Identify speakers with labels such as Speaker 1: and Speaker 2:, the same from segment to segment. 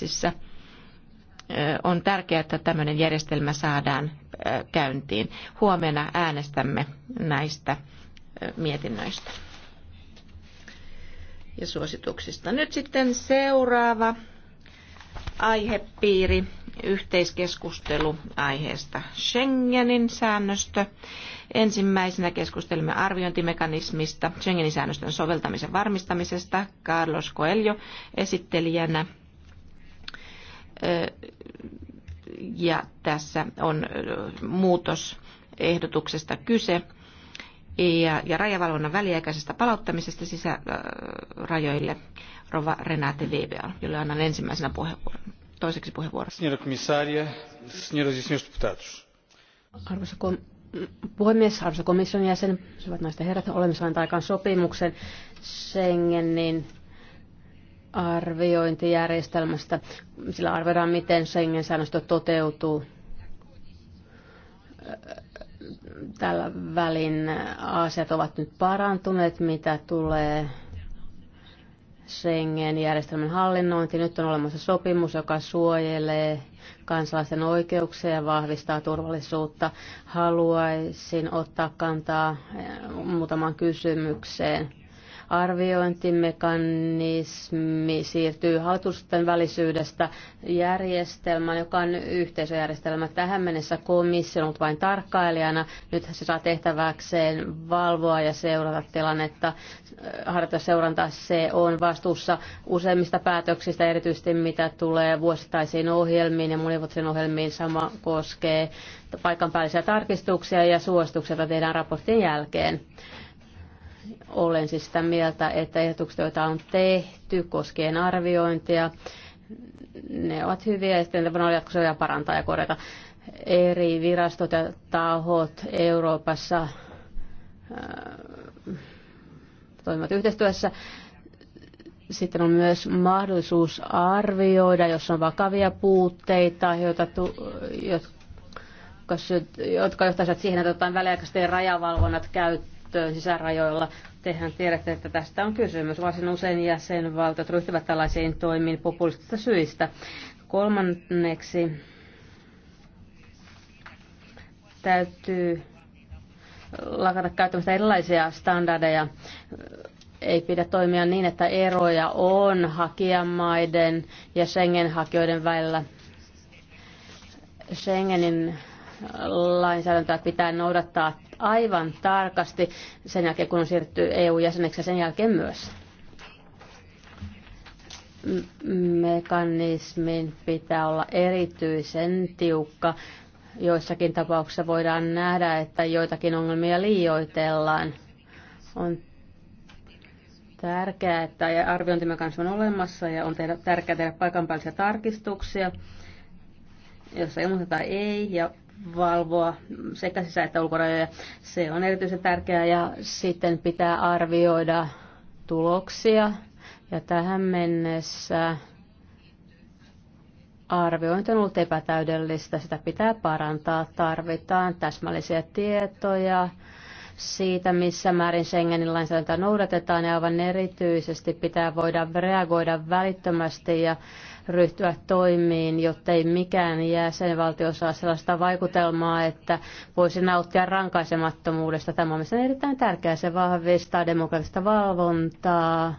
Speaker 1: Egyptissä. On tärkeää, että tämmöinen järjestelmä saadaan käyntiin. Huomenna äänestämme näistä mietinnöistä ja suosituksista. Nyt sitten seuraava aihepiiri, yhteiskeskustelu aiheesta Schengenin säännöstö. Ensimmäisenä keskustelimme arviointimekanismista, Schengenin säännöstön soveltamisen varmistamisesta, Carlos Coelho esittelijänä ja tässä on muutosehdotuksesta kyse ja, ja rajavalvonnan väliaikaisesta palauttamisesta sisärajoille Rova Renate Weber, jolle annan ensimmäisenä puheenvuoron. Toiseksi puheenvuorossa. E
Speaker 2: arvoisa kom- puhemies, arvoisa komission jäsen, hyvät naiset ja herrat, olemme saaneet aikaan sopimuksen Schengenin arviointijärjestelmästä. Sillä arvioidaan, miten Schengen-säännöstö toteutuu tällä välin asiat ovat nyt parantuneet, mitä tulee Schengen-järjestelmän hallinnointi. Nyt on olemassa sopimus, joka suojelee kansalaisten oikeuksia ja vahvistaa turvallisuutta. Haluaisin ottaa kantaa muutamaan kysymykseen Arviointimekanismi siirtyy hallitusten välisyydestä järjestelmään, joka on yhteisöjärjestelmä. Tähän mennessä komissio on ollut vain tarkkailijana. Nyt se saa tehtäväkseen valvoa ja seurata tilannetta. Harjoitusseuranta se on vastuussa useimmista päätöksistä, erityisesti mitä tulee vuosittaisiin ohjelmiin ja monivuotisiin ohjelmiin. Sama koskee paikan päällisiä tarkistuksia ja suosituksia, joita tehdään raportin jälkeen. Olen siis sitä mieltä, että ehdotukset, joita on tehty koskien arviointia, ne ovat hyviä ja sitten voidaan jatkossa vielä parantaa ja korjata. Eri virastot ja tahot Euroopassa äh, toimivat yhteistyössä. Sitten on myös mahdollisuus arvioida, jos on vakavia puutteita, joita tu, jotka, jotka johtaisivat siihen, että otetaan väliaikaisesti rajavalvonnat käyttöön sisärajoilla. Tehän tiedätte, että tästä on kysymys. Varsin usein jäsenvaltiot ryhtyvät tällaisiin toimiin populistista syistä. Kolmanneksi täytyy lakata käyttämästä erilaisia standardeja. Ei pidä toimia niin, että eroja on hakijamaiden ja Schengen-hakijoiden välillä. Schengenin lainsäädäntöä pitää noudattaa aivan tarkasti sen jälkeen, kun on siirrytty EU-jäseneksi ja sen jälkeen myös. Mekanismin pitää olla erityisen tiukka. Joissakin tapauksissa voidaan nähdä, että joitakin ongelmia liioitellaan. On tärkeää, että arviointimekanismi on olemassa ja on tehdä, tärkeää tehdä paikan päällisiä tarkistuksia, jos ei muuta ei, ja valvoa sekä sisä- että ulkorajoja. Se on erityisen tärkeää ja sitten pitää arvioida tuloksia. Ja tähän mennessä arviointi on ollut epätäydellistä, sitä pitää parantaa. Tarvitaan täsmällisiä tietoja siitä, missä määrin Schengenin lainsäädäntöä noudatetaan ja aivan erityisesti pitää voida reagoida välittömästi ja ryhtyä toimiin, jotta ei mikään jäsenvaltio saa sellaista vaikutelmaa, että voisi nauttia rankaisemattomuudesta. Tämä on mielestäni erittäin tärkeää. Se vahvistaa demokraattista valvontaa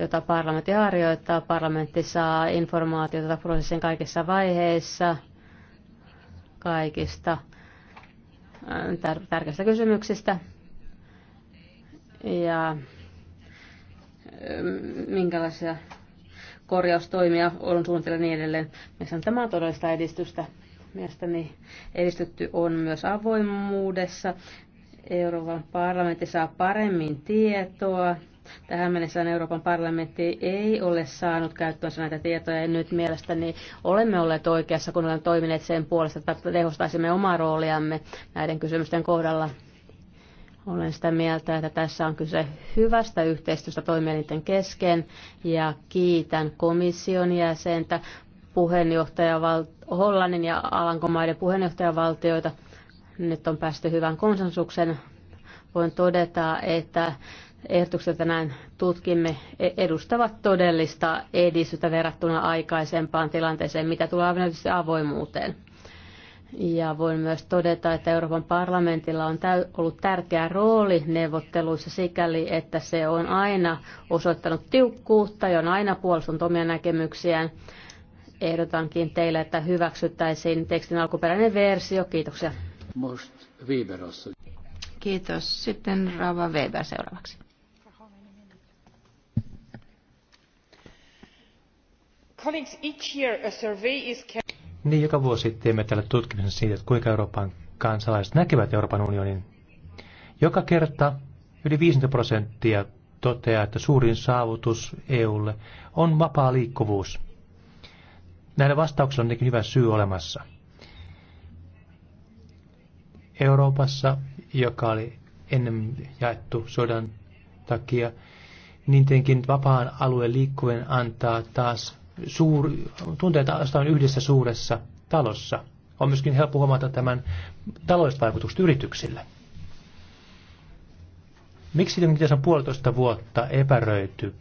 Speaker 2: jota parlamentti harjoittaa. Parlamentti saa informaatiota prosessin kaikissa vaiheissa, kaikista äh, tärkeistä kysymyksistä. Ja äh, minkälaisia korjaustoimia on suunnitella niin edelleen. Mielestäni tämä on todellista edistystä. Mielestäni edistytty on myös avoimuudessa. Euroopan parlamentti saa paremmin tietoa. Tähän mennessä Euroopan parlamentti ei ole saanut käyttöönsä näitä tietoja ja nyt mielestäni olemme olleet oikeassa, kun olemme toimineet sen puolesta, että tehostaisimme omaa rooliamme näiden kysymysten kohdalla. Olen sitä mieltä, että tässä on kyse hyvästä yhteistyöstä toimielinten kesken ja kiitän komission jäsentä, Val- Hollannin ja Alankomaiden puheenjohtajavaltioita. Nyt on päästy hyvään konsensuksen. Voin todeta, että ehdotukset tänään tutkimme e- edustavat todellista edistystä verrattuna aikaisempaan tilanteeseen, mitä tulee avoimuuteen ja voin myös todeta, että Euroopan parlamentilla on ollut tärkeä rooli neuvotteluissa sikäli, että se on aina osoittanut tiukkuutta ja on aina puolustanut omia näkemyksiään. Ehdotankin teille, että hyväksyttäisiin tekstin alkuperäinen versio. Kiitoksia.
Speaker 1: Kiitos. Sitten Rava Weber seuraavaksi.
Speaker 3: Colleagues,
Speaker 4: each
Speaker 5: year a survey is carried
Speaker 4: niin, joka vuosi teemme tällä tutkimuksen siitä, että kuinka Euroopan kansalaiset näkevät Euroopan unionin. Joka kerta yli 50 prosenttia toteaa, että suurin saavutus EUlle on vapaa liikkuvuus. Näillä vastauksilla on hyvä syy olemassa. Euroopassa, joka oli ennen jaettu sodan takia, niin tietenkin vapaan alueen liikkuvien antaa taas Suuri tunteita on yhdessä suuressa talossa. On myöskin helppo huomata tämän taloudelliset vaikutukset yrityksille. Miksi tässä on puolitoista vuotta epäröity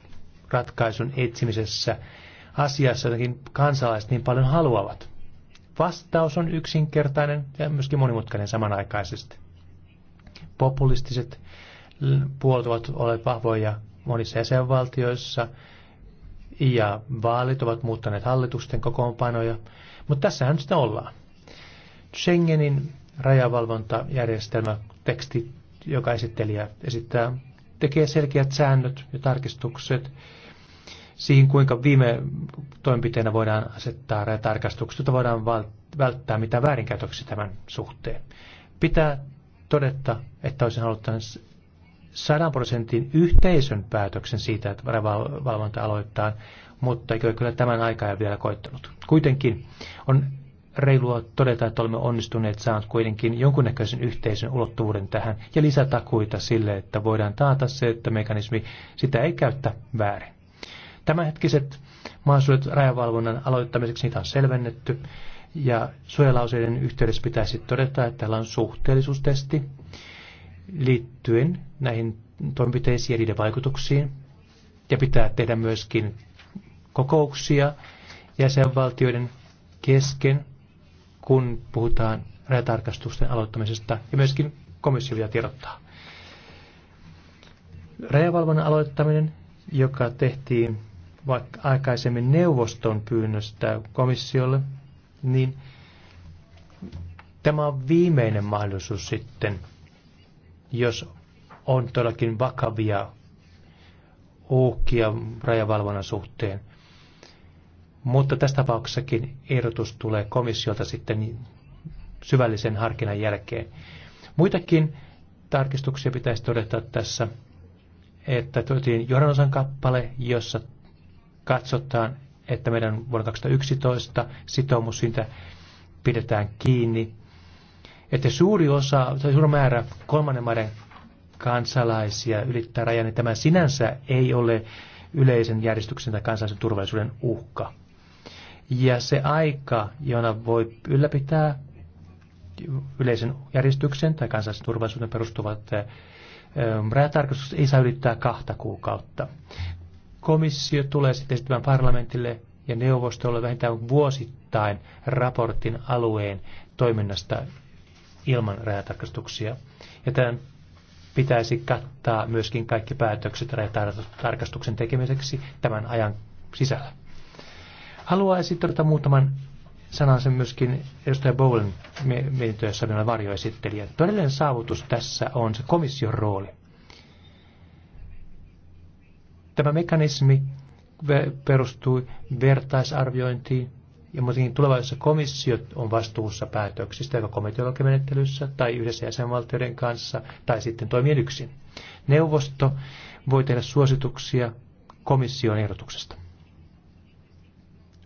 Speaker 4: ratkaisun etsimisessä asiassa, jotenkin kansalaiset niin paljon haluavat? Vastaus on yksinkertainen ja myöskin monimutkainen samanaikaisesti. Populistiset puolet ovat olleet vahvoja monissa jäsenvaltioissa – ja vaalit ovat muuttaneet hallitusten kokoonpanoja, mutta tässähän nyt sitten ollaan. Schengenin rajavalvontajärjestelmä, teksti, joka esittelijä esittää, tekee selkeät säännöt ja tarkistukset siihen, kuinka viime toimenpiteenä voidaan asettaa rajatarkastukset, jota voidaan välttää mitä väärinkäytöksiä tämän suhteen. Pitää todetta, että olisin halunnut sadan prosentin yhteisön päätöksen siitä, että varavalvonta aloittaa, mutta eikö kyllä tämän aikaa vielä koittanut. Kuitenkin on reilua todeta, että olemme onnistuneet saamaan kuitenkin jonkunnäköisen yhteisön ulottuvuuden tähän ja lisätakuita sille, että voidaan taata se, että mekanismi sitä ei käyttä väärin. Tämänhetkiset mahdollisuudet rajavalvonnan aloittamiseksi niitä on selvennetty ja suojalauseiden yhteydessä pitäisi todeta, että täällä on suhteellisuustesti, liittyen näihin toimenpiteisiin ja niiden vaikutuksiin. Ja pitää tehdä myöskin kokouksia jäsenvaltioiden kesken, kun puhutaan rajatarkastusten aloittamisesta ja myöskin komissio tiedottaa. Rajavalvonnan aloittaminen, joka tehtiin vaikka aikaisemmin neuvoston pyynnöstä komissiolle, niin tämä on viimeinen mahdollisuus sitten – jos on todellakin vakavia uhkia rajavalvonnan suhteen. Mutta tässä tapauksessakin ehdotus tulee komissiolta sitten syvällisen harkinnan jälkeen. Muitakin tarkistuksia pitäisi todeta tässä, että tuotiin johdannosan kappale, jossa katsotaan, että meidän vuonna 2011 sitoumus siitä pidetään kiinni – että suuri osa, suuri määrä kolmannen maiden kansalaisia ylittää rajan, niin tämä sinänsä ei ole yleisen järjestyksen tai kansallisen turvallisuuden uhka. Ja se aika, jona voi ylläpitää yleisen järjestyksen tai kansallisen turvallisuuden perustuvat eh, eh, rajatarkastukset, ei saa ylittää kahta kuukautta. Komissio tulee sitten esittämään parlamentille ja neuvostolle vähintään vuosittain raportin alueen toiminnasta ilman rajatarkastuksia. Ja tämän pitäisi kattaa myöskin kaikki päätökset rajatarkastuksen tekemiseksi tämän ajan sisällä. Haluaisin todeta muutaman sanan sen myöskin edustaja Bowlen mietintöä, jossa varjo esitteli. Todellinen saavutus tässä on se komission rooli. Tämä mekanismi perustui vertaisarviointiin ja muutenkin tulevaisuudessa komissio on vastuussa päätöksistä, joka komiteologimenettelyssä tai yhdessä jäsenvaltioiden kanssa tai sitten toimien yksin. Neuvosto voi tehdä suosituksia komission ehdotuksesta.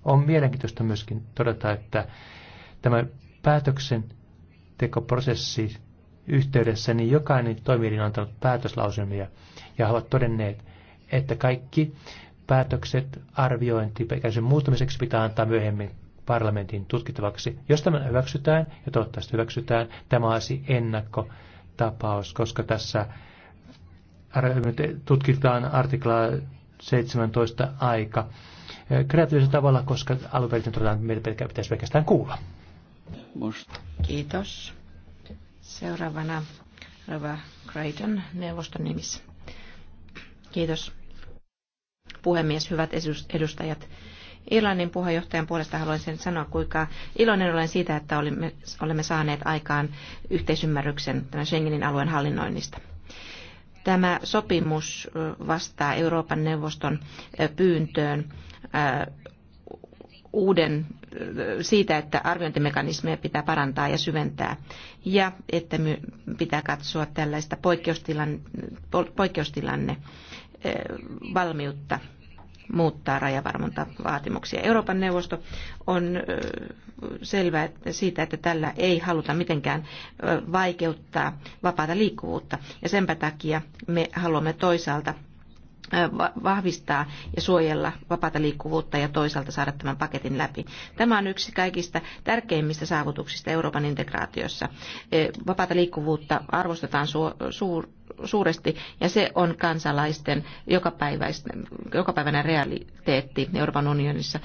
Speaker 4: On mielenkiintoista myöskin todeta, että tämä päätöksen tekoprosessi yhteydessä, niin jokainen toimielin on antanut päätöslausumia ja ovat todenneet, että kaikki päätökset arviointi ikäisen muuttamiseksi pitää antaa myöhemmin parlamentin tutkittavaksi. Jos tämä hyväksytään, ja toivottavasti hyväksytään, tämä olisi ennakkotapaus, koska tässä tutkitaan artiklaa 17 aika kreatiivisella tavalla, koska alunperin todetaan, että meitä pelkää pitäisi pelkästään kuulla. Kiitos.
Speaker 1: Seuraavana Rova Crichton, neuvoston nimissä. Kiitos. Puhemies, hyvät edustajat. Irlannin puheenjohtajan puolesta haluaisin sanoa, kuinka iloinen olen siitä, että olimme, olemme saaneet aikaan yhteisymmärryksen tämän Schengenin alueen hallinnoinnista. Tämä sopimus vastaa Euroopan neuvoston pyyntöön uuden siitä, että arviointimekanismeja pitää parantaa ja syventää ja että pitää katsoa tällaista poikkeustilanne, poikkeustilanne valmiutta muuttaa rajavarmontavaatimuksia. Euroopan neuvosto on selvää siitä, että tällä ei haluta mitenkään vaikeuttaa vapaata liikkuvuutta. Ja senpä takia me haluamme toisaalta vahvistaa ja suojella vapaata liikkuvuutta ja toisaalta saada tämän paketin läpi. Tämä on yksi kaikista tärkeimmistä saavutuksista Euroopan integraatiossa. Vapaata liikkuvuutta arvostetaan suur- suuresti ja se on kansalaisten jokapäiväinen realiteetti Euroopan unionissa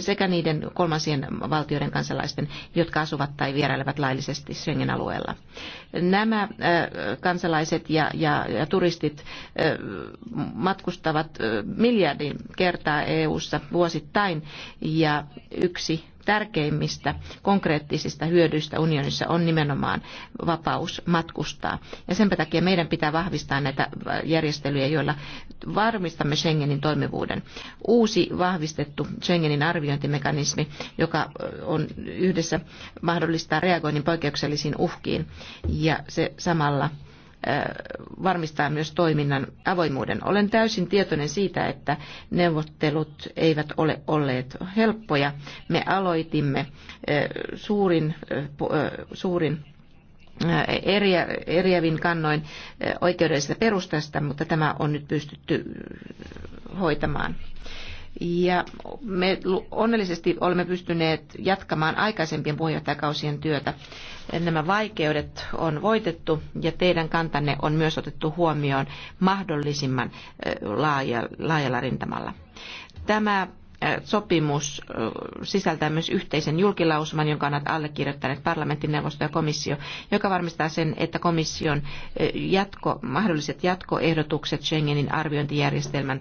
Speaker 1: sekä niiden kolmansien valtioiden kansalaisten, jotka asuvat tai vierailevat laillisesti Schengen-alueella. Nämä äh, kansalaiset ja, ja, ja turistit äh, matkustavat äh, miljardin kertaa EU-ssa vuosittain ja yksi tärkeimmistä konkreettisista hyödyistä unionissa on nimenomaan vapaus matkustaa. Ja sen takia meidän pitää vahvistaa näitä järjestelyjä, joilla varmistamme Schengenin toimivuuden. Uusi vahvistettu Schengenin arviointimekanismi, joka on yhdessä mahdollistaa reagoinnin poikkeuksellisiin uhkiin ja se samalla varmistaa myös toiminnan avoimuuden. Olen täysin tietoinen siitä, että neuvottelut eivät ole olleet helppoja. Me aloitimme suurin, suurin eriä, eriävin kannoin oikeudellisesta perustasta, mutta tämä on nyt pystytty hoitamaan. Ja me onnellisesti olemme pystyneet jatkamaan aikaisempien puheenjohtajakausien työtä. Nämä vaikeudet on voitettu ja teidän kantanne on myös otettu huomioon mahdollisimman laajalla rintamalla. Tämä sopimus sisältää myös yhteisen julkilausuman, jonka ovat allekirjoittaneet neuvosto ja komissio, joka varmistaa sen, että komission jatko, mahdolliset jatkoehdotukset Schengenin arviointijärjestelmän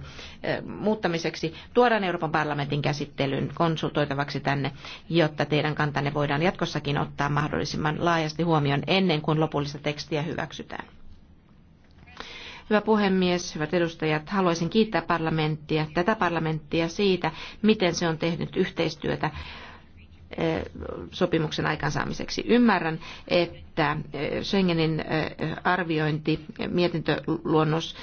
Speaker 1: muuttamiseksi tuodaan Euroopan parlamentin käsittelyyn konsultoitavaksi tänne, jotta teidän kantanne voidaan jatkossakin ottaa mahdollisimman laajasti huomioon ennen kuin lopullista tekstiä hyväksytään. Hyvä puhemies, hyvät edustajat, haluaisin kiittää parlamenttia, tätä parlamenttia siitä, miten se on tehnyt yhteistyötä eh, sopimuksen aikaansaamiseksi. Ymmärrän, että eh, Schengenin eh, arviointi, mietintöluonnos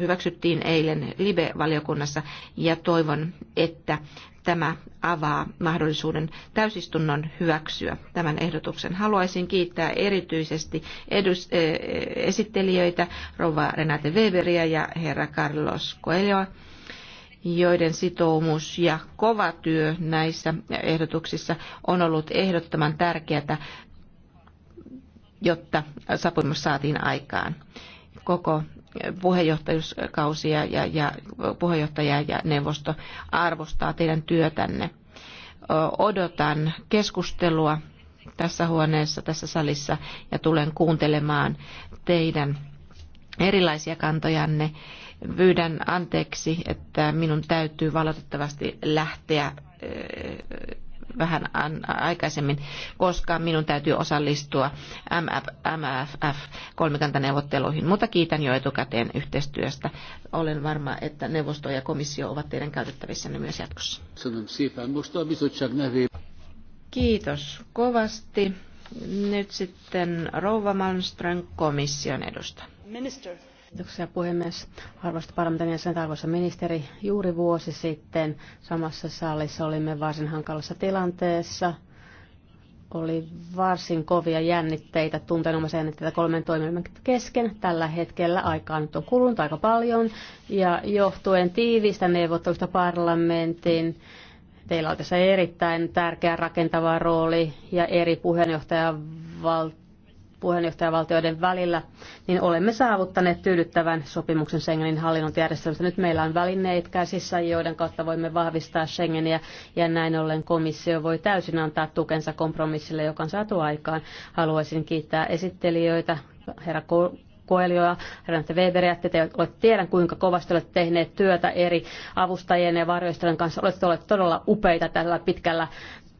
Speaker 1: hyväksyttiin eilen Libe-valiokunnassa ja toivon, että tämä avaa mahdollisuuden täysistunnon hyväksyä tämän ehdotuksen. Haluaisin kiittää erityisesti edus, eh, esittelijöitä, rouva Renate Weberiä ja herra Carlos Coelhoa, joiden sitoumus ja kova työ näissä ehdotuksissa on ollut ehdottoman tärkeää, jotta sopimus saatiin aikaan. Koko puheenjohtajuuskausia ja, ja puheenjohtaja ja neuvosto arvostaa teidän työtänne. Odotan keskustelua tässä huoneessa, tässä salissa ja tulen kuuntelemaan teidän erilaisia kantojanne. Pyydän anteeksi, että minun täytyy valitettavasti lähteä vähän aikaisemmin, koska minun täytyy osallistua MFF-kolmikantaneuvotteluihin. Mutta kiitän jo etukäteen yhteistyöstä. Olen varma, että neuvosto ja komissio ovat teidän käytettävissänne myös jatkossa. Kiitos kovasti. Nyt sitten Rouva Malmström komission edustaja. Minister. Kiitoksia
Speaker 2: puhemies. Arvoisa parlamentin jäsen, arvoisa ministeri, juuri vuosi sitten samassa salissa olimme varsin hankalassa tilanteessa. Oli varsin kovia jännitteitä, tunteenomaisia jännitteitä kolmen toimielimen kesken. Tällä hetkellä aikaa nyt on kulunut aika paljon ja johtuen tiivistä neuvottelusta parlamentin Teillä on tässä erittäin tärkeä rakentava rooli ja eri puheenjohtajavaltio puheenjohtajavaltioiden välillä, niin olemme saavuttaneet tyydyttävän sopimuksen Schengenin hallinnointijärjestelmästä. Nyt meillä on välineet käsissä, joiden kautta voimme vahvistaa Schengeniä, ja näin ollen komissio voi täysin antaa tukensa kompromissille, joka on saatu aikaan. Haluaisin kiittää esittelijöitä, herra Koelioa, Renate Weberia, että te olette tiedän, kuinka kovasti olette tehneet työtä eri avustajien ja varjoistajien kanssa. Olette olleet todella upeita tällä pitkällä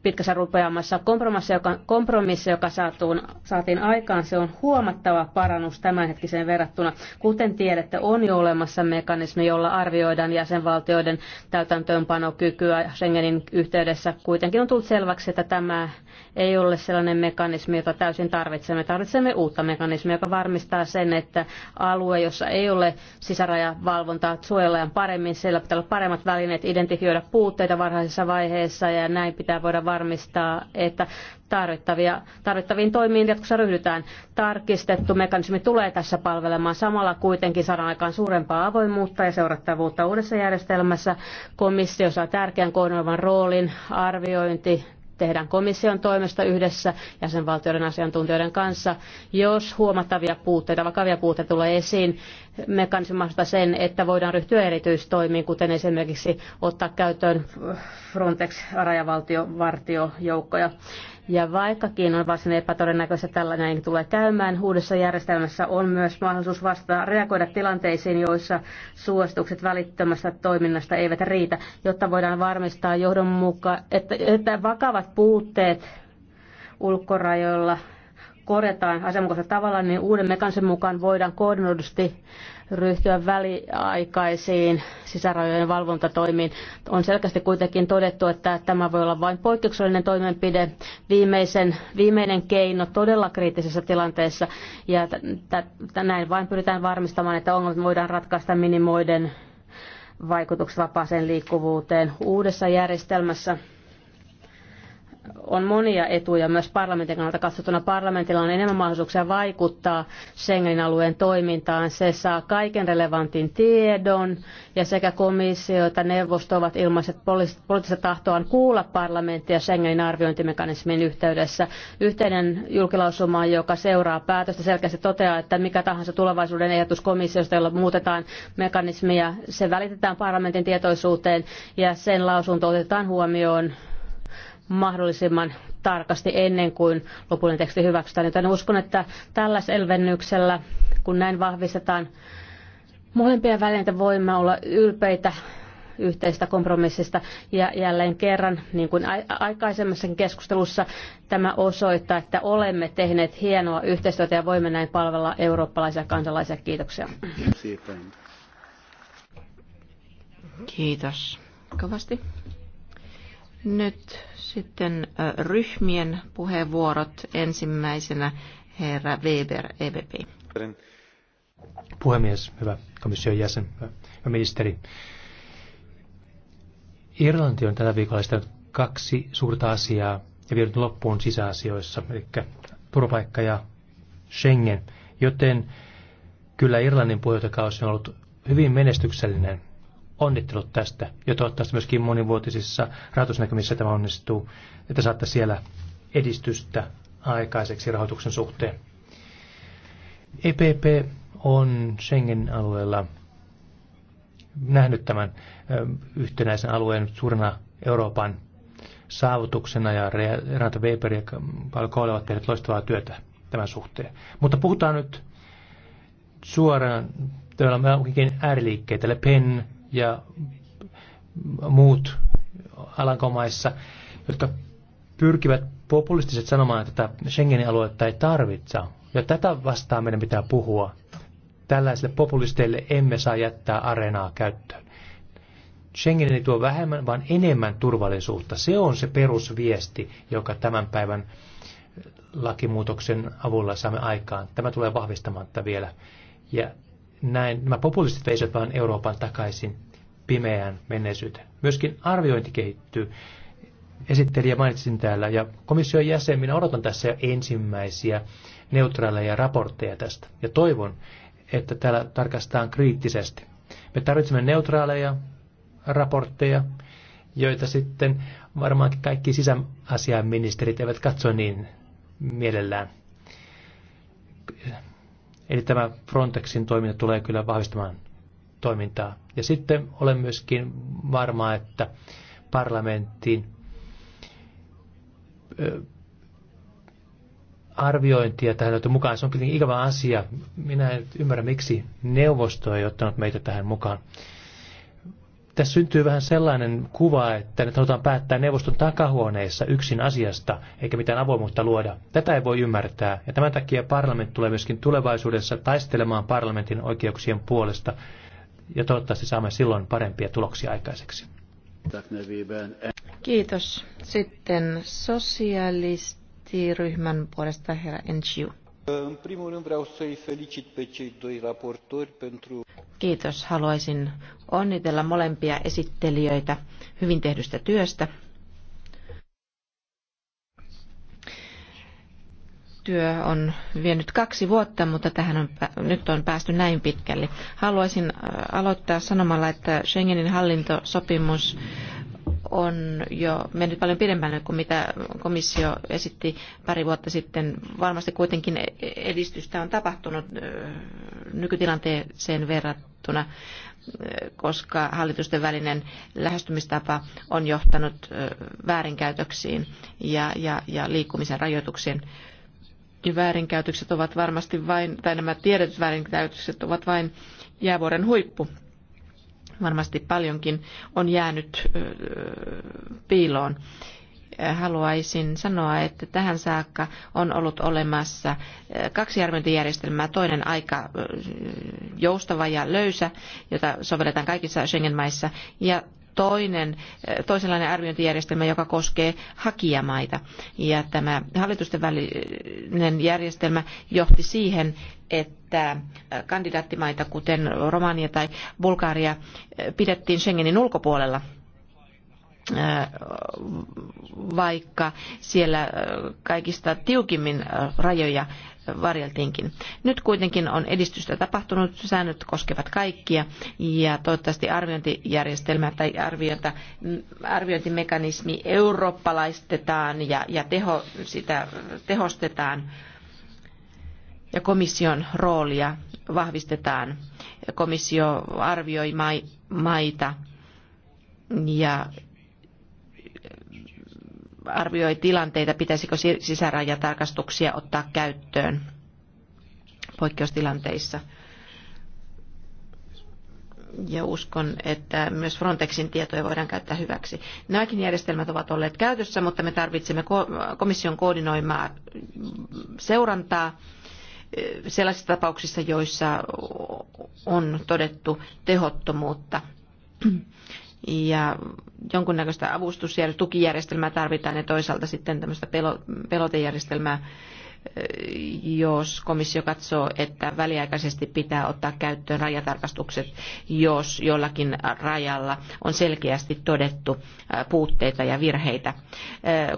Speaker 2: pitkässä rupeamassa. Kompromissi, joka, kompromissi, joka saatuun, saatiin aikaan, se on huomattava parannus tämänhetkiseen verrattuna. Kuten tiedätte, on jo olemassa mekanismi, jolla arvioidaan jäsenvaltioiden täytäntöönpanokykyä Schengenin yhteydessä. Kuitenkin on tullut selväksi, että tämä ei ole sellainen mekanismi, jota täysin tarvitsemme. Tarvitsemme uutta mekanismia, joka varmistaa sen, että alue, jossa ei ole sisärajavalvontaa, suojellaan paremmin. Siellä pitää olla paremmat välineet identifioida puutteita varhaisessa vaiheessa ja näin pitää voida varmistaa, että tarvittavia, tarvittaviin toimiin jatkossa ryhdytään. Tarkistettu mekanismi tulee tässä palvelemaan. Samalla kuitenkin saadaan aikaan suurempaa avoimuutta ja seurattavuutta uudessa järjestelmässä. Komissio saa tärkeän koordinoivan roolin arviointi tehdään komission toimesta yhdessä jäsenvaltioiden asiantuntijoiden kanssa. Jos huomattavia puutteita, vakavia puutteita tulee esiin, mekanismi mahdollistaa sen, että voidaan ryhtyä erityistoimiin, kuten esimerkiksi ottaa käyttöön Frontex-rajavaltiovartiojoukkoja. Ja vaikkakin on varsin epätodennäköistä, että tällainen tulee käymään, uudessa järjestelmässä on myös mahdollisuus vastata reagoida tilanteisiin, joissa suositukset välittömästä toiminnasta eivät riitä, jotta voidaan varmistaa johdonmuka, että, että vakavat puutteet ulkorajoilla korjataan asianmukaisella tavalla, niin uuden mekanismin mukaan voidaan koordinoidusti ryhtyä väliaikaisiin sisärajojen valvontatoimiin. On selkeästi kuitenkin todettu, että tämä voi olla vain poikkeuksellinen toimenpide, viimeisen, viimeinen keino todella kriittisessä tilanteessa. Ja näin vain pyritään varmistamaan, että ongelmat voidaan ratkaista minimoiden vaikutukset vapaaseen liikkuvuuteen uudessa järjestelmässä on monia etuja myös parlamentin kannalta katsottuna. Parlamentilla on enemmän mahdollisuuksia vaikuttaa Schengenin alueen toimintaan. Se saa kaiken relevantin tiedon ja sekä komissio että neuvosto ovat ilmaiset poliittista tahtoaan kuulla parlamenttia Schengenin arviointimekanismin yhteydessä. Yhteinen julkilausuma, joka seuraa päätöstä, selkeästi toteaa, että mikä tahansa tulevaisuuden ehdotus komissiosta, jolla muutetaan mekanismia, se välitetään parlamentin tietoisuuteen ja sen lausunto otetaan huomioon mahdollisimman tarkasti ennen kuin lopullinen teksti hyväksytään. Joten uskon, että tällä selvennyksellä, kun näin vahvistetaan molempien välineitä, voimme olla ylpeitä yhteistä kompromissista. Ja jälleen kerran, niin kuin aikaisemmassakin keskustelussa, tämä osoittaa, että olemme tehneet hienoa yhteistyötä ja voimme näin palvella eurooppalaisia kansalaisia. Kiitoksia.
Speaker 1: Kiitos. Kovasti. Nyt sitten ryhmien puheenvuorot. Ensimmäisenä herra Weber, EVP.
Speaker 4: Puhemies, hyvä komission jäsen, hyvä ministeri. Irlanti on tällä viikolla esittänyt kaksi suurta asiaa ja vienyt loppuun sisäasioissa, eli turvapaikka ja Schengen. Joten kyllä Irlannin puheenjohtajakausi on ollut hyvin menestyksellinen onnittelut tästä. Ja toivottavasti myöskin monivuotisissa rahoitusnäkymissä tämä onnistuu, että saatte siellä edistystä aikaiseksi rahoituksen suhteen. EPP on Schengen-alueella nähnyt tämän yhtenäisen alueen suurena Euroopan saavutuksena ja Renata Weber ja Palko ovat tehneet loistavaa työtä tämän suhteen. Mutta puhutaan nyt suoraan, tällä on onkin ääriliikkeitä, Le Pen, ja muut Alankomaissa, jotka pyrkivät populistiset sanomaan, että tätä Schengenin aluetta ei tarvitse. Ja tätä vastaan meidän pitää puhua. Tällaisille populisteille emme saa jättää areenaa käyttöön. Schengen ei tuo vähemmän, vaan enemmän turvallisuutta. Se on se perusviesti, joka tämän päivän lakimuutoksen avulla saamme aikaan. Tämä tulee vahvistamaan vielä. Ja näin nämä populistit veisivät vain Euroopan takaisin pimeään menneisyyteen. Myöskin arviointi kehittyy. Esittelijä mainitsin täällä ja komission jäsen, minä odotan tässä jo ensimmäisiä neutraaleja raportteja tästä ja toivon, että täällä tarkastetaan kriittisesti. Me tarvitsemme neutraaleja raportteja, joita sitten varmaankin kaikki sisäasiainministerit eivät katso niin mielellään. Eli tämä Frontexin toiminta tulee kyllä vahvistamaan toimintaa. Ja sitten olen myöskin varma, että parlamentin arviointia tähän löytyy mukaan. Se on kuitenkin ikävä asia. Minä en ymmärrä, miksi neuvosto ei ottanut meitä tähän mukaan tässä syntyy vähän sellainen kuva, että nyt halutaan päättää neuvoston takahuoneessa yksin asiasta, eikä mitään avoimuutta luoda. Tätä ei voi ymmärtää, ja tämän takia parlamentti tulee myöskin tulevaisuudessa taistelemaan parlamentin oikeuksien puolesta, ja toivottavasti saamme silloin parempia tuloksia aikaiseksi.
Speaker 1: Kiitos. Sitten sosialistiryhmän puolesta herra Enchiu.
Speaker 4: În primul rând vreau să-i felicit pe cei doi raportori pentru...
Speaker 1: Kiitos. Haluaisin onnitella molempia esittelijöitä hyvin tehdystä työstä. työ on vienyt kaksi vuotta, mutta tähän on, nyt on päästy näin pitkälle. Haluaisin äh, aloittaa sanomalla, että Schengenin hallintosopimus on jo mennyt paljon pidemmälle kuin mitä komissio esitti pari vuotta sitten. Varmasti kuitenkin edistystä on tapahtunut nykytilanteeseen verrattuna, koska hallitusten välinen lähestymistapa on johtanut väärinkäytöksiin ja, ja, ja liikkumisen rajoituksiin väärinkäytökset ovat varmasti vain, tai nämä tiedetyt väärinkäytökset ovat vain jäävuoren huippu varmasti paljonkin on jäänyt piiloon. Haluaisin sanoa, että tähän saakka on ollut olemassa kaksi arviointijärjestelmää. Toinen aika joustava ja löysä, jota sovelletaan kaikissa Schengen-maissa, ja toinen, toisenlainen arviointijärjestelmä, joka koskee hakijamaita. Ja tämä hallitusten välinen järjestelmä johti siihen, että kandidaattimaita, kuten Romania tai Bulgaria, pidettiin Schengenin ulkopuolella vaikka siellä kaikista tiukimmin rajoja varjeltiinkin. Nyt kuitenkin on edistystä tapahtunut, säännöt koskevat kaikkia ja toivottavasti arviointijärjestelmä tai arviota, arviointimekanismi eurooppalaistetaan ja, ja teho, sitä tehostetaan ja komission roolia vahvistetaan. Komissio arvioi maita ja arvioi tilanteita, pitäisikö sisärajatarkastuksia ottaa käyttöön poikkeustilanteissa. Ja uskon, että myös Frontexin tietoja voidaan käyttää hyväksi. Nämäkin järjestelmät ovat olleet käytössä, mutta me tarvitsemme komission koordinoimaa seurantaa eh, sellaisissa tapauksissa, joissa on todettu tehottomuutta ja jonkunnäköistä avustus- ja tukijärjestelmää tarvitaan ja toisaalta sitten tämmöistä pelotejärjestelmää, jos komissio katsoo, että väliaikaisesti pitää ottaa käyttöön rajatarkastukset, jos jollakin rajalla on selkeästi todettu puutteita ja virheitä.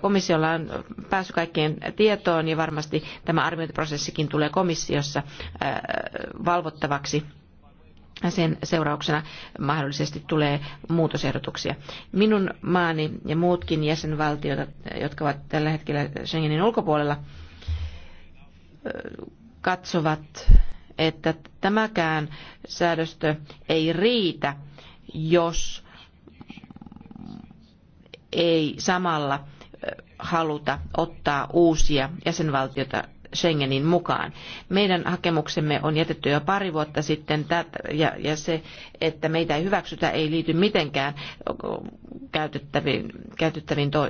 Speaker 1: Komissiolla on päässyt kaikkien tietoon ja varmasti tämä arviointiprosessikin tulee komissiossa valvottavaksi sen seurauksena mahdollisesti tulee muutosehdotuksia. Minun maani ja muutkin jäsenvaltiot, jotka ovat tällä hetkellä Schengenin ulkopuolella, katsovat, että tämäkään säädöstö ei riitä, jos ei samalla haluta ottaa uusia jäsenvaltioita Schengenin mukaan. Meidän hakemuksemme on jätetty jo pari vuotta sitten ja se, että meitä ei hyväksytä, ei liity mitenkään käytettäviin, käytettäviin to,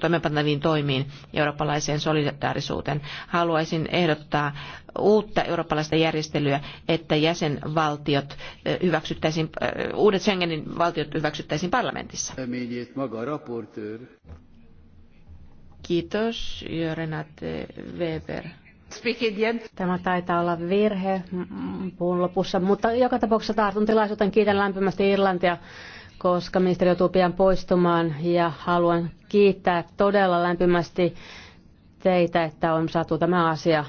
Speaker 1: toimeenpantaviin toimiin eurooppalaiseen solidaarisuuteen. Haluaisin ehdottaa uutta eurooppalaista järjestelyä, että jäsenvaltiot hyväksyttäisiin, uudet Schengenin valtiot hyväksyttäisiin parlamentissa. Kiitos, Renate Weber.
Speaker 2: Tämä taitaa olla virhe puun lopussa, mutta joka tapauksessa tartun tilaisuuteen. Kiitän lämpimästi Irlantia, koska ministeri joutuu pian poistumaan ja haluan kiittää todella lämpimästi teitä, että on saatu tämä asia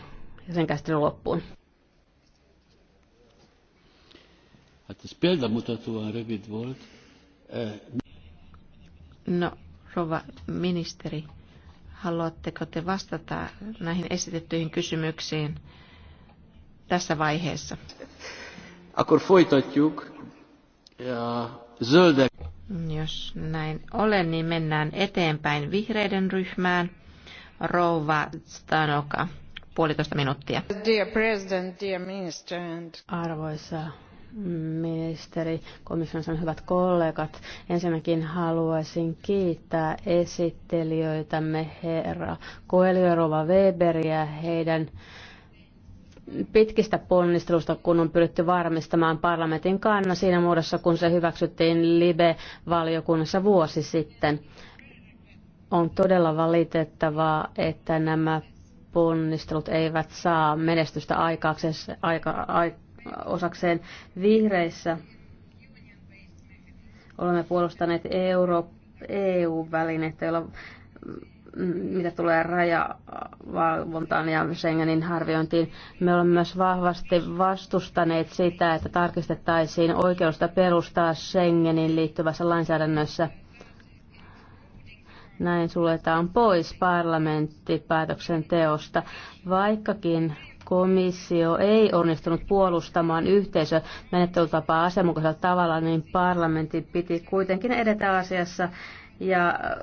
Speaker 2: ja sen käsittely loppuun.
Speaker 1: No, rouva ministeri, Haluatteko te vastata näihin esitettyihin kysymyksiin tässä vaiheessa?
Speaker 4: Akkor folytatjuk. Ja zöldek.
Speaker 1: Jos näin olen, niin mennään eteenpäin vihreiden ryhmään. Rouva Stanoka, puolitoista minuuttia. Dear President, dear Minister and... Arvoisa ministeri,
Speaker 2: komission hyvät kollegat. Ensinnäkin haluaisin kiittää esittelijöitämme herra Koelio Rova Weberiä heidän pitkistä ponnistelusta, kun on pyritty varmistamaan parlamentin kannan siinä muodossa, kun se hyväksyttiin Libe-valiokunnassa vuosi sitten. On todella valitettavaa, että nämä ponnistelut eivät saa menestystä aikaakseen, aika, aika, osakseen vihreissä. Olemme puolustaneet Euro, EU-välinettä, jolla mm, mitä tulee rajavalvontaan ja Schengenin harviointiin, me olemme myös vahvasti vastustaneet sitä, että tarkistettaisiin oikeusta perustaa Schengenin liittyvässä lainsäädännössä. Näin suljetaan pois parlamentti teosta, vaikkakin komissio ei onnistunut puolustamaan yhteisö menettelytapaa asianmukaisella tavalla, niin parlamentti piti kuitenkin edetä asiassa ja äh,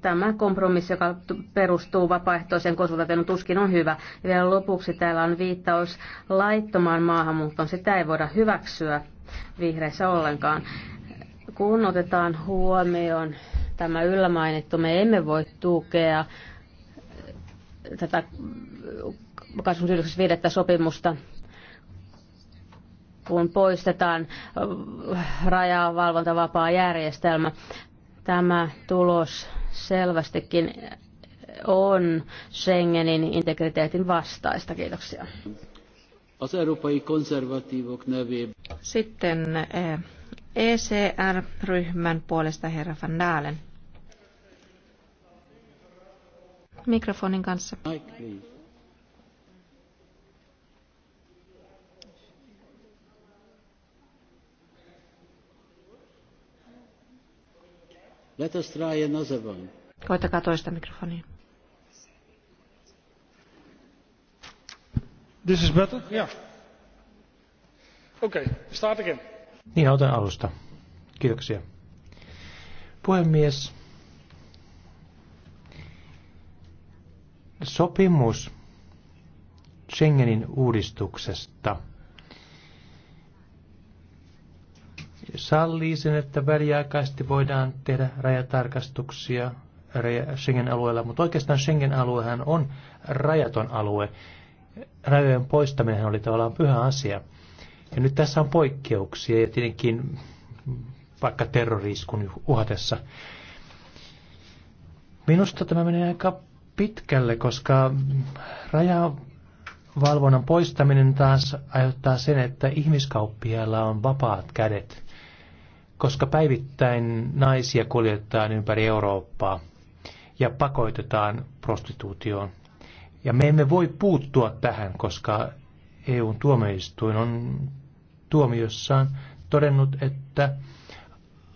Speaker 2: tämä kompromissi, joka perustuu vapaaehtoiseen konsultaatioon, tuskin on hyvä. Ja vielä lopuksi täällä on viittaus laittomaan maahanmuuttoon. Sitä ei voida hyväksyä vihreissä ollenkaan. Kun otetaan huomioon tämä yllämainittu, me emme voi tukea tätä 29.5. sopimusta, kun poistetaan äh, rajavalvontavapaa järjestelmä. Tämä tulos selvästikin on Schengenin integriteetin vastaista. Kiitoksia.
Speaker 1: Sitten ECR-ryhmän eh, e puolesta herra Van Dalen. Mikrofonin kanssa.
Speaker 4: Mike,
Speaker 6: Let us try another one.
Speaker 1: Koitakaa toista mikrofonia.
Speaker 4: This is better? Yeah. Okei, okay, start again. Niin, otan alusta. Kiitoksia. Puhemies, sopimus Schengenin uudistuksesta – sallii sen, että väliaikaisesti voidaan tehdä rajatarkastuksia Schengen-alueella, mutta oikeastaan Schengen-aluehan on rajaton alue. Rajojen poistaminen oli tavallaan pyhä asia. Ja nyt tässä on poikkeuksia ja tietenkin vaikka terroriiskun uhatessa. Minusta tämä menee aika pitkälle, koska rajavalvonnan poistaminen taas aiheuttaa sen, että ihmiskauppiailla on vapaat kädet koska päivittäin naisia kuljetetaan ympäri Eurooppaa ja pakoitetaan prostituutioon. Ja me emme voi puuttua tähän, koska EUn tuomioistuin on tuomiossaan todennut, että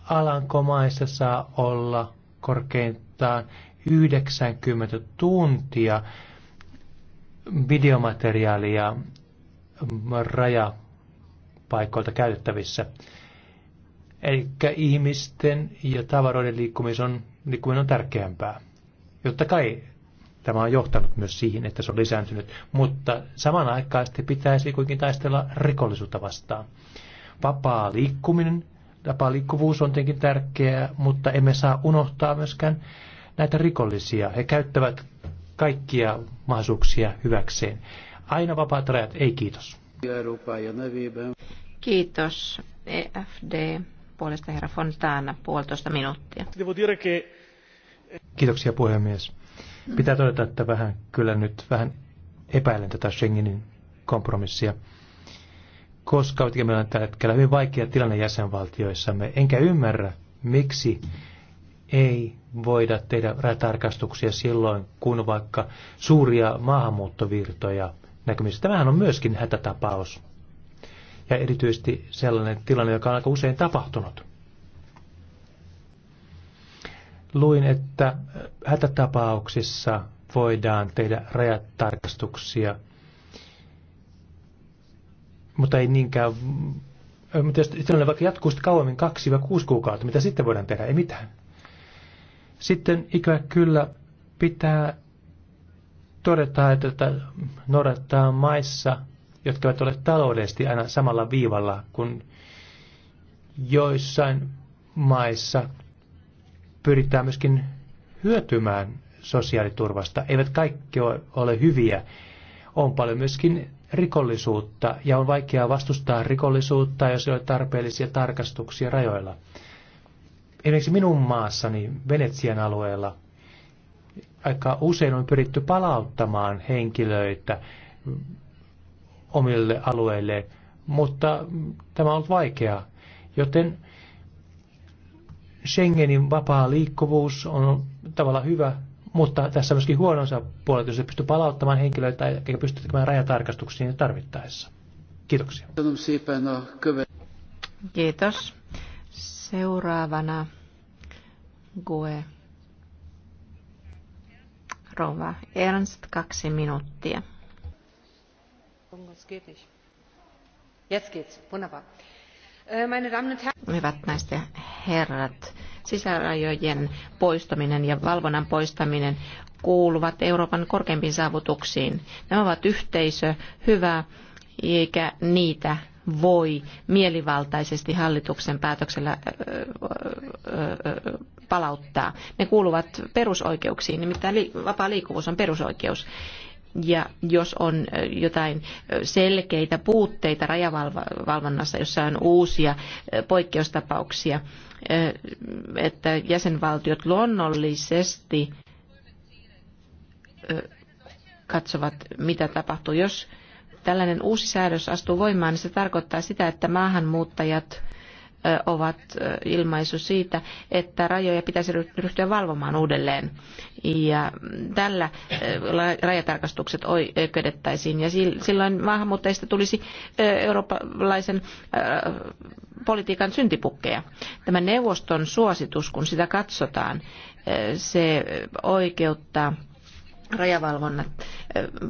Speaker 4: Alankomaissa saa olla korkeintaan 90 tuntia videomateriaalia rajapaikoilta käytettävissä. Eli ihmisten ja tavaroiden liikkuminen on, liikkuminen on tärkeämpää. Jotta kai tämä on johtanut myös siihen, että se on lisääntynyt, mutta samanaikaisesti pitäisi kuitenkin taistella rikollisuutta vastaan. Vapaa liikkuminen, vapaa liikkuvuus on tietenkin tärkeää, mutta emme saa unohtaa myöskään näitä rikollisia. He käyttävät kaikkia mahdollisuuksia hyväkseen. Aina vapaat rajat, ei kiitos.
Speaker 1: Kiitos, EFD puolesta herra Fontana puolitoista minuuttia.
Speaker 4: Kiitoksia puhemies. Pitää todeta, että vähän kyllä nyt vähän epäilen tätä Schengenin kompromissia, koska meillä on tällä hetkellä hyvin vaikea tilanne jäsenvaltioissamme. Enkä ymmärrä, miksi ei voida tehdä rajatarkastuksia silloin, kun vaikka suuria maahanmuuttovirtoja näkymissä. Tämähän on myöskin hätätapaus ja erityisesti sellainen tilanne, joka on aika usein tapahtunut. Luin, että hätätapauksissa voidaan tehdä rajatarkastuksia, mutta ei niinkään, mutta jos tilanne vaikka jatkuu sitten kauemmin vai kuusi kuukautta, mitä sitten voidaan tehdä? Ei mitään. Sitten ikävä kyllä pitää todeta, että noudattaa maissa jotka eivät ole taloudellisesti aina samalla viivalla kuin joissain maissa pyritään myöskin hyötymään sosiaaliturvasta. Eivät kaikki ole hyviä. On paljon myöskin rikollisuutta ja on vaikeaa vastustaa rikollisuutta, jos ei ole tarpeellisia tarkastuksia rajoilla. Esimerkiksi minun maassani, Venetsian alueella, aika usein on pyritty palauttamaan henkilöitä omille alueille, mutta tämä on ollut vaikeaa. Joten Schengenin vapaa liikkuvuus on tavallaan hyvä, mutta tässä on myöskin huononsa puolet, jos ei pysty palauttamaan henkilöitä eikä pysty tekemään rajatarkastuksia niin tarvittaessa. Kiitoksia.
Speaker 1: Kiitos. Seuraavana Gue. Rova Ernst, kaksi minuuttia. Äh, Hyvät naiset ja herrat, sisärajojen poistaminen ja valvonnan poistaminen kuuluvat Euroopan korkeimpiin saavutuksiin. Nämä ovat yhteisö, hyvä, eikä niitä voi mielivaltaisesti hallituksen päätöksellä palauttaa. Ne kuuluvat perusoikeuksiin, nimittäin vapaa liikkuvuus on perusoikeus. Ja jos on jotain selkeitä puutteita rajavalvonnassa, jossa on uusia poikkeustapauksia, että jäsenvaltiot luonnollisesti katsovat, mitä tapahtuu. Jos tällainen uusi säädös astuu voimaan, niin se tarkoittaa sitä, että maahanmuuttajat ovat ilmaisu siitä, että rajoja pitäisi ryhtyä valvomaan uudelleen ja tällä äh, rajatarkastukset oikeudettaisiin ja silloin maahanmuuttajista tulisi äh, eurooppalaisen äh, politiikan syntipukkeja. Tämä neuvoston suositus, kun sitä katsotaan, se oikeuttaa rajavalvonnan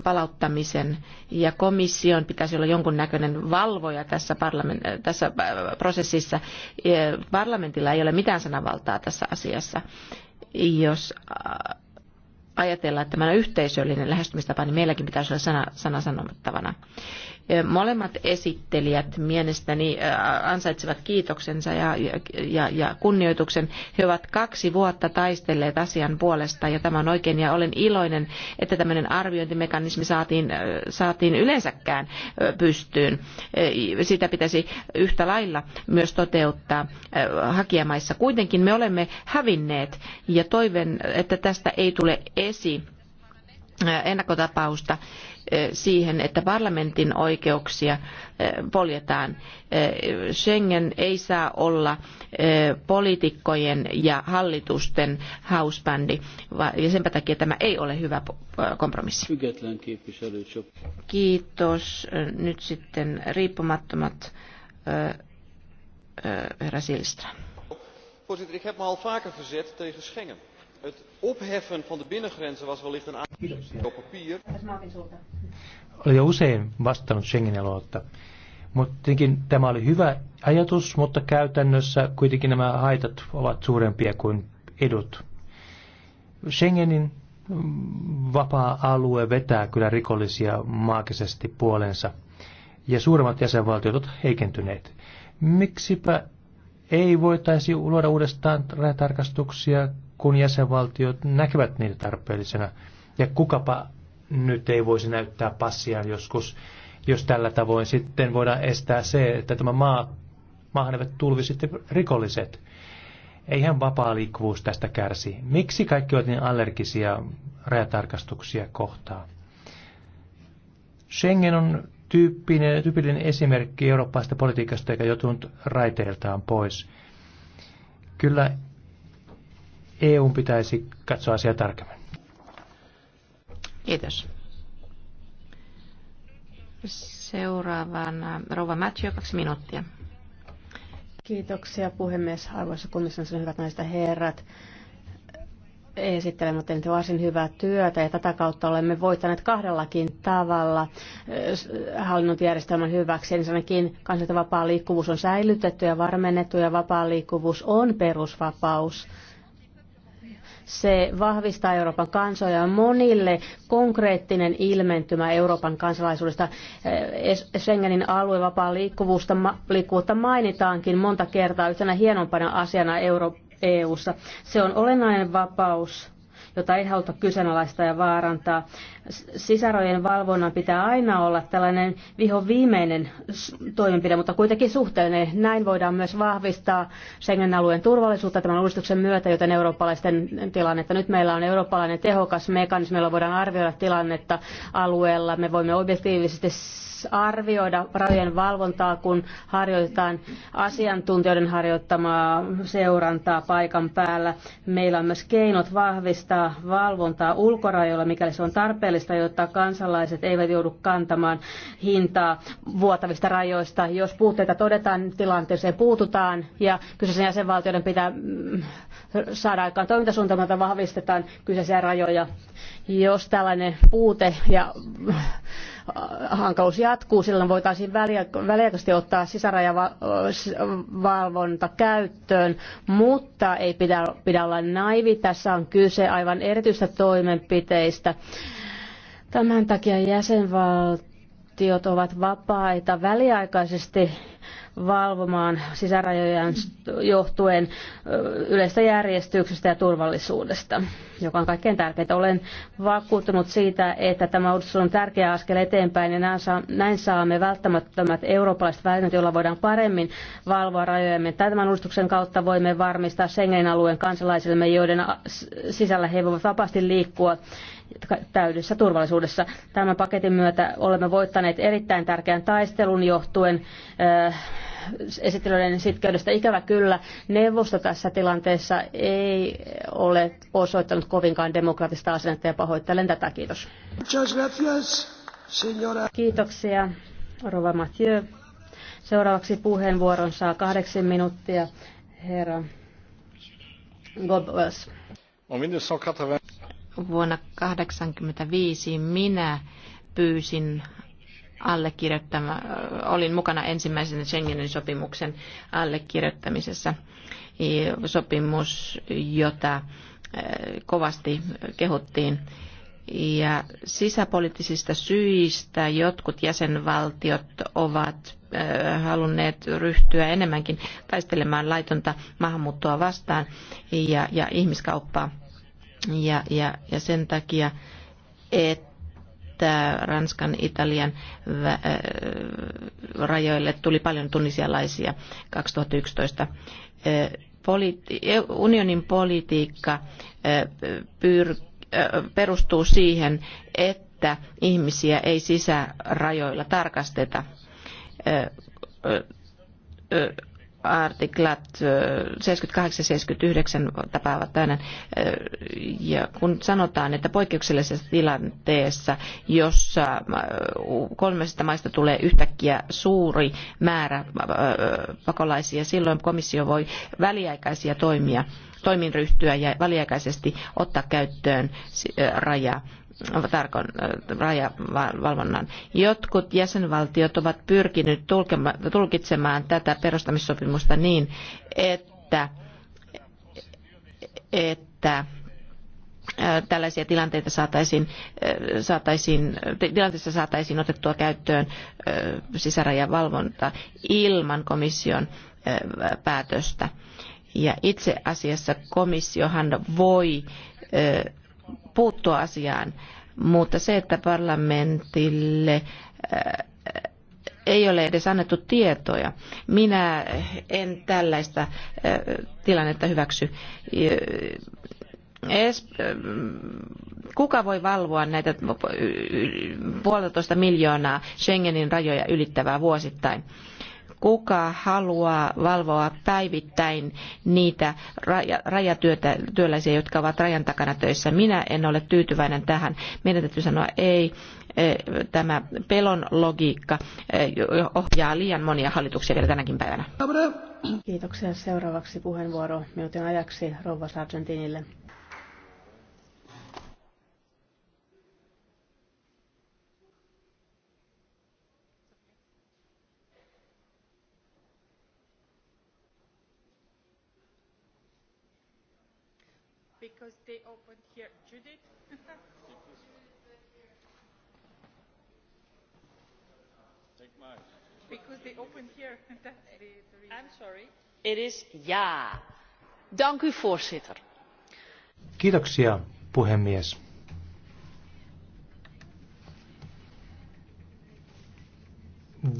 Speaker 1: palauttamisen ja komission pitäisi olla jonkunnäköinen valvoja tässä, parlament- tässä prosessissa. Parlamentilla ei ole mitään sananvaltaa tässä asiassa. Jos ajatella, että tämä on yhteisöllinen lähestymistapa, niin meilläkin pitäisi olla sana, sana sanottavana. Molemmat esittelijät mielestäni ansaitsevat kiitoksensa ja, ja, ja kunnioituksen. He ovat kaksi vuotta taistelleet asian puolesta ja tämä on oikein ja olen iloinen, että tämmöinen arviointimekanismi saatiin, saatiin yleensäkään pystyyn. Sitä pitäisi yhtä lailla myös toteuttaa hakijamaissa. Kuitenkin me olemme hävinneet ja toivon, että tästä ei tule esi ennakkotapausta siihen, että parlamentin oikeuksia poljetaan. Schengen ei saa olla poliitikkojen ja hallitusten hausbändi, ja sen takia tämä ei ole hyvä kompromissi. Kiitos. Nyt sitten riippumattomat herra
Speaker 4: Silstra.
Speaker 5: Voorzitter, ik heb me al vaker verzet tegen Schengen. Het opheffen van de binnengrenzen was wellicht een aantal op papier.
Speaker 4: Oli jo usein vastannut schengen alueelta. Mutta tietenkin tämä oli hyvä ajatus, mutta käytännössä kuitenkin nämä haitat ovat suurempia kuin edut. Schengenin vapaa-alue vetää kyllä rikollisia maagisesti puolensa, ja suuremmat jäsenvaltiot ovat heikentyneet. Miksipä ei voitaisi luoda uudestaan rajatarkastuksia kun jäsenvaltiot näkevät niitä tarpeellisena. Ja kukapa nyt ei voisi näyttää passia joskus, jos tällä tavoin sitten voidaan estää se, että tämä maa, maahan eivät tulvi sitten rikolliset. Eihän vapaa liikkuvuus tästä kärsi. Miksi kaikki ovat niin allergisia rajatarkastuksia kohtaan? Schengen on tyyppinen, tyypillinen esimerkki eurooppaista politiikasta, joka joutunut raiteiltaan pois. Kyllä EUn pitäisi katsoa asiaa tarkemmin.
Speaker 1: Kiitos. Seuraavana Rova Matthew, kaksi minuuttia. Kiitoksia
Speaker 2: puhemies, arvoisa komission hyvät naiset ja herrat. Esittelemme tehnyt varsin hyvää työtä ja tätä kautta olemme voittaneet kahdellakin tavalla äh, hallinnointijärjestelmän hyväksi. Ensinnäkin kansallinen vapaa liikkuvuus on säilytetty ja varmennettu ja vapaa liikkuvuus on perusvapaus se vahvistaa Euroopan kansoja monille konkreettinen ilmentymä Euroopan kansalaisuudesta. Eh, Schengenin alue vapaa liikkuvuutta, liikkuvuutta mainitaankin monta kertaa yhtenä hienompana asiana Euro- EUssa. Se on olennainen vapaus, jota ei haluta kyseenalaistaa ja vaarantaa sisarojen valvonnan pitää aina olla tällainen viho viimeinen toimenpide, mutta kuitenkin suhteellinen. Näin voidaan myös vahvistaa Schengen-alueen turvallisuutta tämän uudistuksen myötä, joten eurooppalaisten tilannetta. Nyt meillä on eurooppalainen tehokas mekanismi, jolla voidaan arvioida tilannetta alueella. Me voimme objektiivisesti arvioida rajojen valvontaa, kun harjoitetaan asiantuntijoiden harjoittamaa seurantaa paikan päällä. Meillä on myös keinot vahvistaa valvontaa ulkorajoilla, mikäli se on tarpeellista, jotta kansalaiset eivät joudu kantamaan hintaa vuotavista rajoista. Jos puutteita todetaan, niin tilanteeseen puututaan ja kyseisen jäsenvaltioiden pitää mm, saada aikaan toimintasuunnitelma, jota vahvistetaan kyseisiä rajoja jos tällainen puute ja äh, hankaluus jatkuu, silloin voitaisiin väliaikaisesti ottaa sisärajavalvonta käyttöön, mutta ei pidä, pidä olla naivi. Tässä on kyse aivan erityistä toimenpiteistä. Tämän takia jäsenvaltiot ovat vapaita väliaikaisesti valvomaan sisärajojen johtuen yleistä järjestyksestä ja turvallisuudesta, joka on kaikkein tärkeintä. Olen vakuuttunut siitä, että tämä uudistus on tärkeä askel eteenpäin ja näin saamme välttämättömät eurooppalaiset välineet, joilla voidaan paremmin valvoa rajojemme. Tämän uudistuksen kautta voimme varmistaa Schengen alueen kansalaisille, joiden sisällä he voivat vapaasti liikkua täydessä turvallisuudessa. Tämän paketin myötä olemme voittaneet erittäin tärkeän taistelun johtuen äh, esittelyiden sitkeydestä. Ikävä kyllä, neuvosto tässä tilanteessa ei ole osoittanut kovinkaan demokraattista asennetta ja pahoittelen tätä. Kiitos. Kiitoksia, Rova Mathieu. Seuraavaksi puheenvuoron saa kahdeksan minuuttia
Speaker 1: herra Goebbels. Vuonna 1985 minä pyysin allekirjoittama, olin mukana ensimmäisen Schengenin sopimuksen allekirjoittamisessa. Sopimus, jota kovasti kehuttiin. Ja sisäpoliittisista syistä jotkut jäsenvaltiot ovat halunneet ryhtyä enemmänkin taistelemaan laitonta maahanmuuttoa vastaan ja, ja ihmiskauppaa. Ja, ja, ja sen takia, että että Ranskan, Italian äh, rajoille tuli paljon tunisialaisia 2011. Äh, e- unionin politiikka äh, perustuu siihen, että ihmisiä ei sisärajoilla tarkasteta artiklat 78-79 tapaavat tänään. Ja kun sanotaan, että poikkeuksellisessa tilanteessa, jossa kolmesta maista tulee yhtäkkiä suuri määrä pakolaisia, silloin komissio voi väliaikaisia toimia toimin ryhtyä ja väliaikaisesti ottaa käyttöön rajaa tarkon rajavalvonnan. Jotkut jäsenvaltiot ovat pyrkineet tulkitsemaan tätä perustamissopimusta niin, että, että tällaisia tilanteita saataisiin, saataisiin, tilanteessa saataisiin otettua käyttöön sisärajavalvonta ilman komission päätöstä. Ja itse asiassa komissiohan voi puuttua asiaan, mutta se, että parlamentille äh, ei ole edes annettu tietoja. Minä en tällaista äh, tilannetta hyväksy. Äh, kuka voi valvoa näitä puolitoista miljoonaa Schengenin rajoja ylittävää vuosittain? kuka haluaa valvoa päivittäin niitä rajatyöläisiä, jotka ovat rajan takana töissä. Minä en ole tyytyväinen tähän. Meidän täytyy sanoa ei. E, tämä pelon logiikka e, ohjaa liian monia hallituksia vielä tänäkin päivänä.
Speaker 2: Kiitoksia. Seuraavaksi puheenvuoro minuutin ajaksi Rouva Sargentinille.
Speaker 3: stay open here. Judith?
Speaker 5: Take my. Because they
Speaker 3: open here. That's the, the reason. I'm sorry.
Speaker 1: It is ja. Dank u voorzitter.
Speaker 4: Kiitoksia puhemies.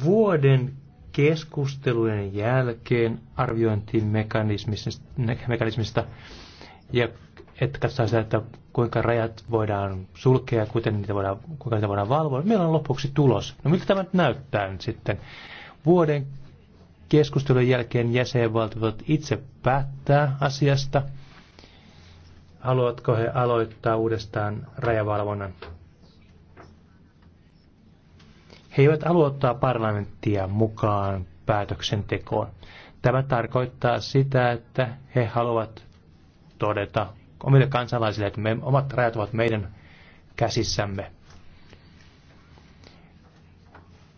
Speaker 4: Vuoden keskustelujen jälkeen arviointimekanismista ja että katsotaan sitä, että kuinka rajat voidaan sulkea, kuten niitä voidaan, kuinka niitä voidaan valvoa. Meillä on lopuksi tulos. No miltä tämä nyt näyttää nyt sitten? Vuoden keskustelun jälkeen jäsenvaltiot itse päättää asiasta. Haluatko he aloittaa uudestaan rajavalvonnan? He eivät halua ottaa parlamenttia mukaan päätöksentekoon. Tämä tarkoittaa sitä, että he haluavat todeta omille kansalaisille, että me, omat rajat ovat meidän käsissämme.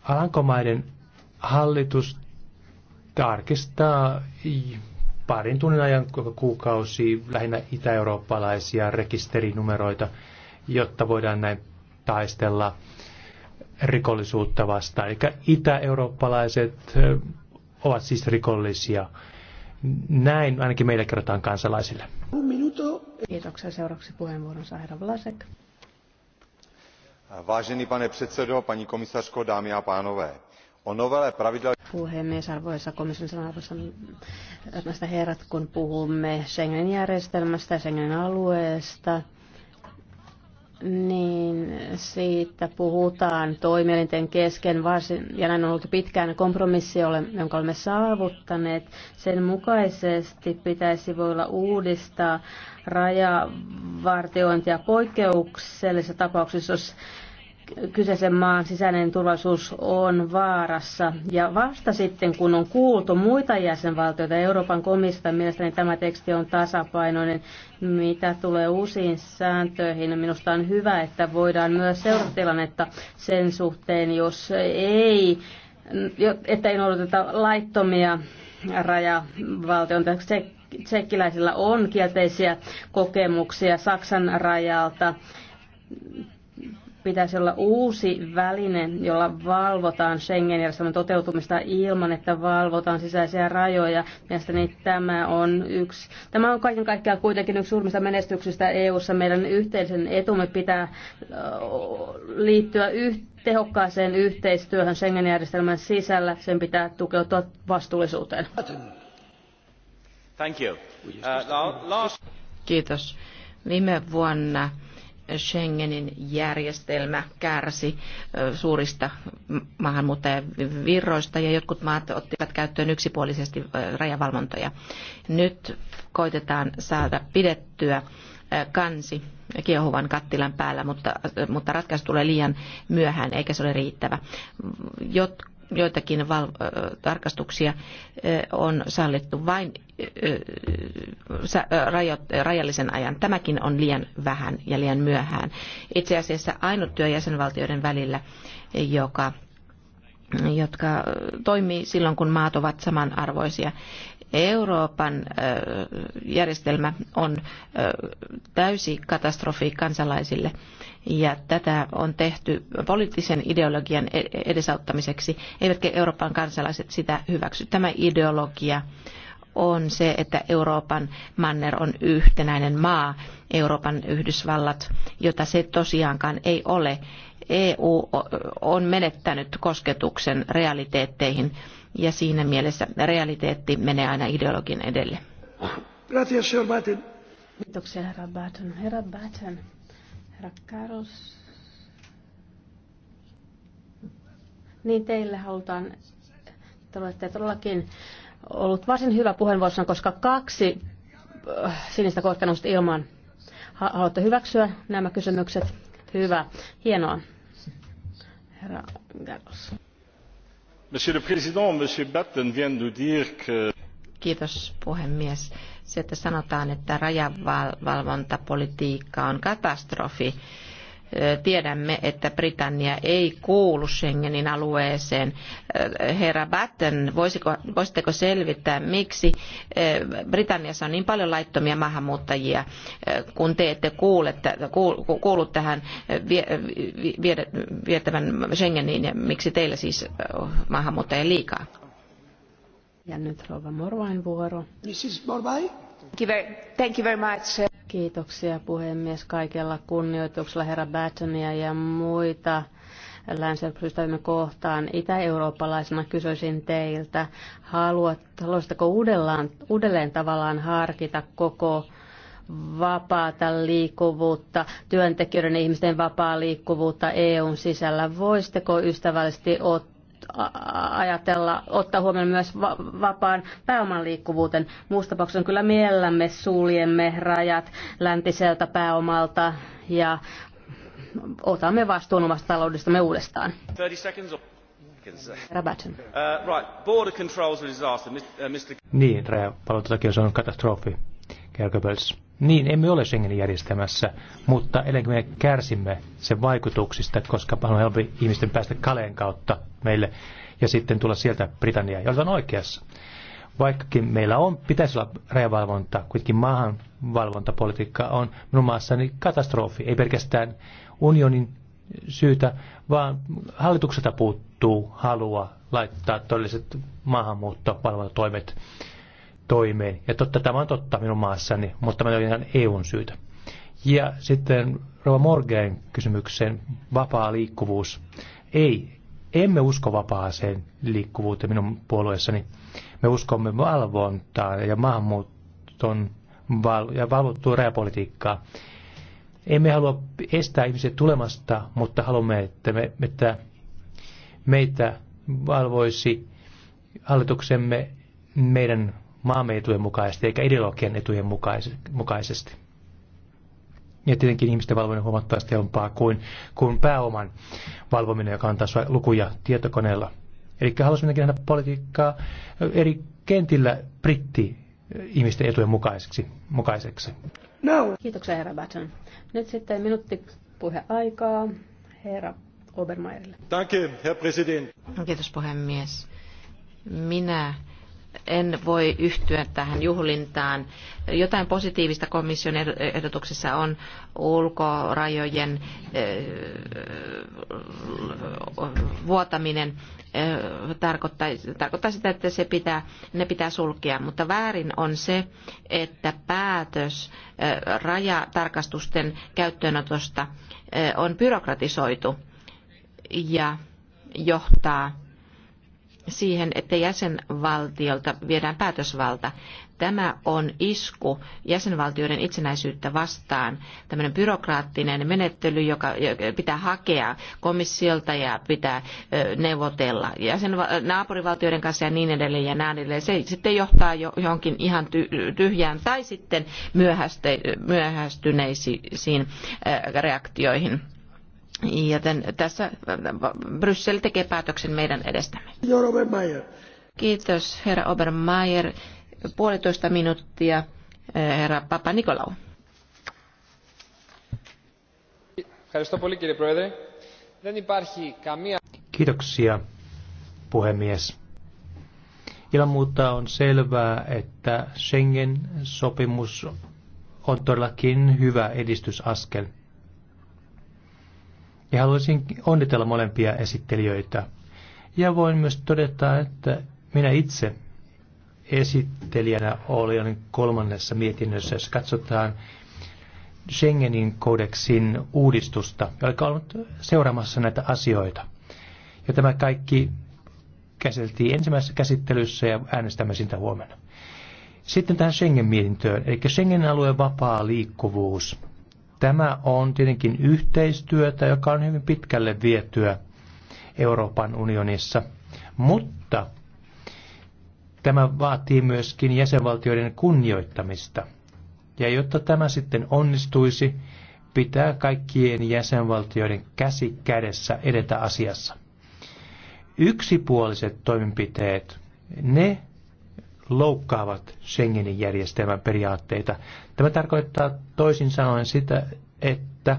Speaker 4: Alankomaiden hallitus tarkistaa parin tunnin ajan kuukausi lähinnä itä-eurooppalaisia rekisterinumeroita, jotta voidaan näin taistella rikollisuutta vastaan. Eli itä-eurooppalaiset ovat siis rikollisia. Näin ainakin meille kerrotaan kansalaisille.
Speaker 2: Kiitoksia. Seuraavaksi puheenvuoron saa herra Vlasek.
Speaker 4: Vážený pane předsedo, paní komisařko, dámy a pánové. O novele pravidla...
Speaker 2: Puhemies, arvoisa komission arvoisa herrat, kun puhumme Schengen-järjestelmästä ja Schengen-alueesta, niin siitä puhutaan toimielinten kesken varsin, ja näin on ollut pitkään kompromissi, jonka olemme saavuttaneet. Sen mukaisesti pitäisi voida uudistaa rajavartiointia poikkeuksellisissa tapauksissa, jos kyseisen maan sisäinen turvallisuus on vaarassa. Ja vasta sitten, kun on kuultu muita jäsenvaltioita Euroopan komista, mielestäni tämä teksti on tasapainoinen, mitä tulee uusiin sääntöihin. Minusta on hyvä, että voidaan myös seurata tilannetta sen suhteen, jos ei, että ei noudateta laittomia rajavaltion tsekkiläisillä on kielteisiä kokemuksia Saksan rajalta pitäisi olla uusi väline, jolla valvotaan Schengen-järjestelmän toteutumista ilman, että valvotaan sisäisiä rajoja. Mielestäni tämä on yksi, tämä on kaiken kaikkiaan kuitenkin yksi suurimmista menestyksistä EU-ssa. Meidän yhteisen etumme pitää liittyä yhteen tehokkaaseen yhteistyöhön Schengen-järjestelmän sisällä. Sen pitää tukeutua vastuullisuuteen.
Speaker 4: Thank you. Uh, last...
Speaker 1: Kiitos. Viime vuonna Schengenin järjestelmä kärsi suurista maahanmuuttajavirroista ja jotkut maat ottivat käyttöön yksipuolisesti rajavalvontoja. Nyt koitetaan saada pidettyä kansi kiehuvan kattilan päällä, mutta, mutta ratkaisu tulee liian myöhään eikä se ole riittävä. Jotkut joitakin val- tarkastuksia on sallittu vain rajallisen ajan. Tämäkin on liian vähän ja liian myöhään. Itse asiassa ainut työ jäsenvaltioiden välillä, joka jotka toimii silloin, kun maat ovat samanarvoisia. Euroopan järjestelmä on täysi katastrofi kansalaisille ja tätä on tehty poliittisen ideologian e- edesauttamiseksi, eivätkä Euroopan kansalaiset sitä hyväksy. Tämä ideologia on se, että Euroopan manner on yhtenäinen maa, Euroopan Yhdysvallat, jota se tosiaankaan ei ole. EU on menettänyt kosketuksen realiteetteihin ja siinä mielessä realiteetti menee aina ideologin edelle.
Speaker 2: Kiitoksia, herra Batten. Herra Batten. Herra Karos. Niin teille halutaan, te olette todellakin ollut varsin hyvä puheenvuorossa, koska kaksi äh, sinistä korkeannusta ilman. Haluatte hyväksyä nämä kysymykset? Hyvä. Hienoa. Herra Garros.
Speaker 6: Monsieur le Président, Monsieur Batten vient nous dire que...
Speaker 1: Kiitos puhemies. Se, että sanotaan, että rajavalvontapolitiikka on katastrofi, tiedämme, että Britannia ei kuulu Schengenin alueeseen. Herra Batten, voisiko, voisitteko selvittää, miksi Britanniassa on niin paljon laittomia maahanmuuttajia, kun te ette kuule, kuulu tähän vietävän Schengeniin ja miksi teillä siis maahanmuuttajia liikaa?
Speaker 2: Ja nyt rouva Morvain vuoro. Mrs. Morvai? Thank you very much. Kiitoksia puhemies kaikella kunnioituksella herra Battonia ja muita länsiryhmämme kohtaan. Itä-eurooppalaisena kysyisin teiltä, haluat, haluaisitteko uudellaan, uudelleen tavallaan harkita koko vapaata liikkuvuutta, työntekijöiden ja ihmisten vapaa liikkuvuutta EUn sisällä. Voisitteko ystävällisesti ottaa ajatella, ottaa huomioon myös va- vapaan pääoman liikkuvuuden. Muussa tapauksessa kyllä mielellämme suljemme rajat läntiseltä pääomalta ja otamme vastuun omasta taloudestamme uudestaan. Niin,
Speaker 4: se on katastrofi. Kerkö niin, emme ole Schengenin järjestämässä, mutta edelleen me kärsimme sen vaikutuksista, koska on helpompi ihmisten päästä Kaleen kautta meille ja sitten tulla sieltä Britanniaan. Ja on oikeassa. Vaikkakin meillä on, pitäisi olla rajavalvonta, kuitenkin maahanvalvontapolitiikka on minun maassani katastrofi. Ei pelkästään unionin syytä, vaan hallitukselta puuttuu halua laittaa todelliset maahanmuuttopalvelutoimet toimet toimeen. Ja totta, tämä on totta minun maassani, mutta me olen ihan EUn syytä. Ja sitten Rova Morgan kysymykseen, vapaa liikkuvuus. Ei, emme usko vapaaseen liikkuvuuteen minun puolueessani. Me uskomme valvontaan ja maahanmuuton val- ja valvottua rajapolitiikkaa. Emme halua estää ihmisiä tulemasta, mutta haluamme, että, me, että meitä valvoisi hallituksemme meidän maamme etujen mukaisesti eikä ideologian etujen mukaisesti. Ja tietenkin ihmisten valvominen huomattavasti helpompaa kuin, kuin pääoman valvominen, joka on taas lukuja tietokoneella. Eli haluaisin nähdä politiikkaa eri kentillä britti ihmisten etujen mukaiseksi. mukaiseksi.
Speaker 2: No. Kiitoksia herra Batson. Nyt sitten minuutti
Speaker 1: puheaikaa herra Obermeierille.
Speaker 4: Danke, herr President.
Speaker 1: Kiitos puhemies. Minä en voi yhtyä tähän juhlintaan. Jotain positiivista komission ehdotuksessa on ulkorajojen eh, vuotaminen. Eh, tarkoittaa sitä, että se pitää, ne pitää sulkea, mutta väärin on se, että päätös eh, rajatarkastusten käyttöönotosta on byrokratisoitu ja johtaa siihen, että jäsenvaltiolta viedään päätösvalta. Tämä on isku jäsenvaltioiden itsenäisyyttä vastaan. Tämmöinen byrokraattinen menettely, joka pitää hakea komissiolta ja pitää neuvotella jäsen, naapurivaltioiden kanssa ja niin edelleen ja näin edelleen. Se sitten johtaa johonkin ihan tyhjään tai sitten myöhästyneisiin reaktioihin Joten tässä äh, Bryssel tekee päätöksen meidän edestämme. Kiitos, herra Obermeier. Puolitoista minuuttia, äh, herra Papa Nikolau.
Speaker 4: Kiitoksia, puhemies. Ilman muuta on selvää, että Schengen-sopimus on todellakin hyvä edistysaskel. Ja haluaisin onnitella molempia esittelijöitä. Ja voin myös todeta, että minä itse esittelijänä olin kolmannessa mietinnössä, jos katsotaan Schengenin kodeksin uudistusta, joka on ollut seuraamassa näitä asioita. Ja tämä kaikki käsiteltiin ensimmäisessä käsittelyssä ja äänestämme siitä huomenna. Sitten tähän Schengen-mietintöön, eli Schengen-alueen vapaa liikkuvuus. Tämä on tietenkin yhteistyötä, joka on hyvin pitkälle vietyä Euroopan unionissa, mutta tämä vaatii myöskin jäsenvaltioiden kunnioittamista. Ja jotta tämä sitten onnistuisi, pitää kaikkien jäsenvaltioiden käsi kädessä edetä asiassa. Yksipuoliset toimenpiteet, ne loukkaavat Schengenin järjestelmän periaatteita. Tämä tarkoittaa toisin sanoen sitä, että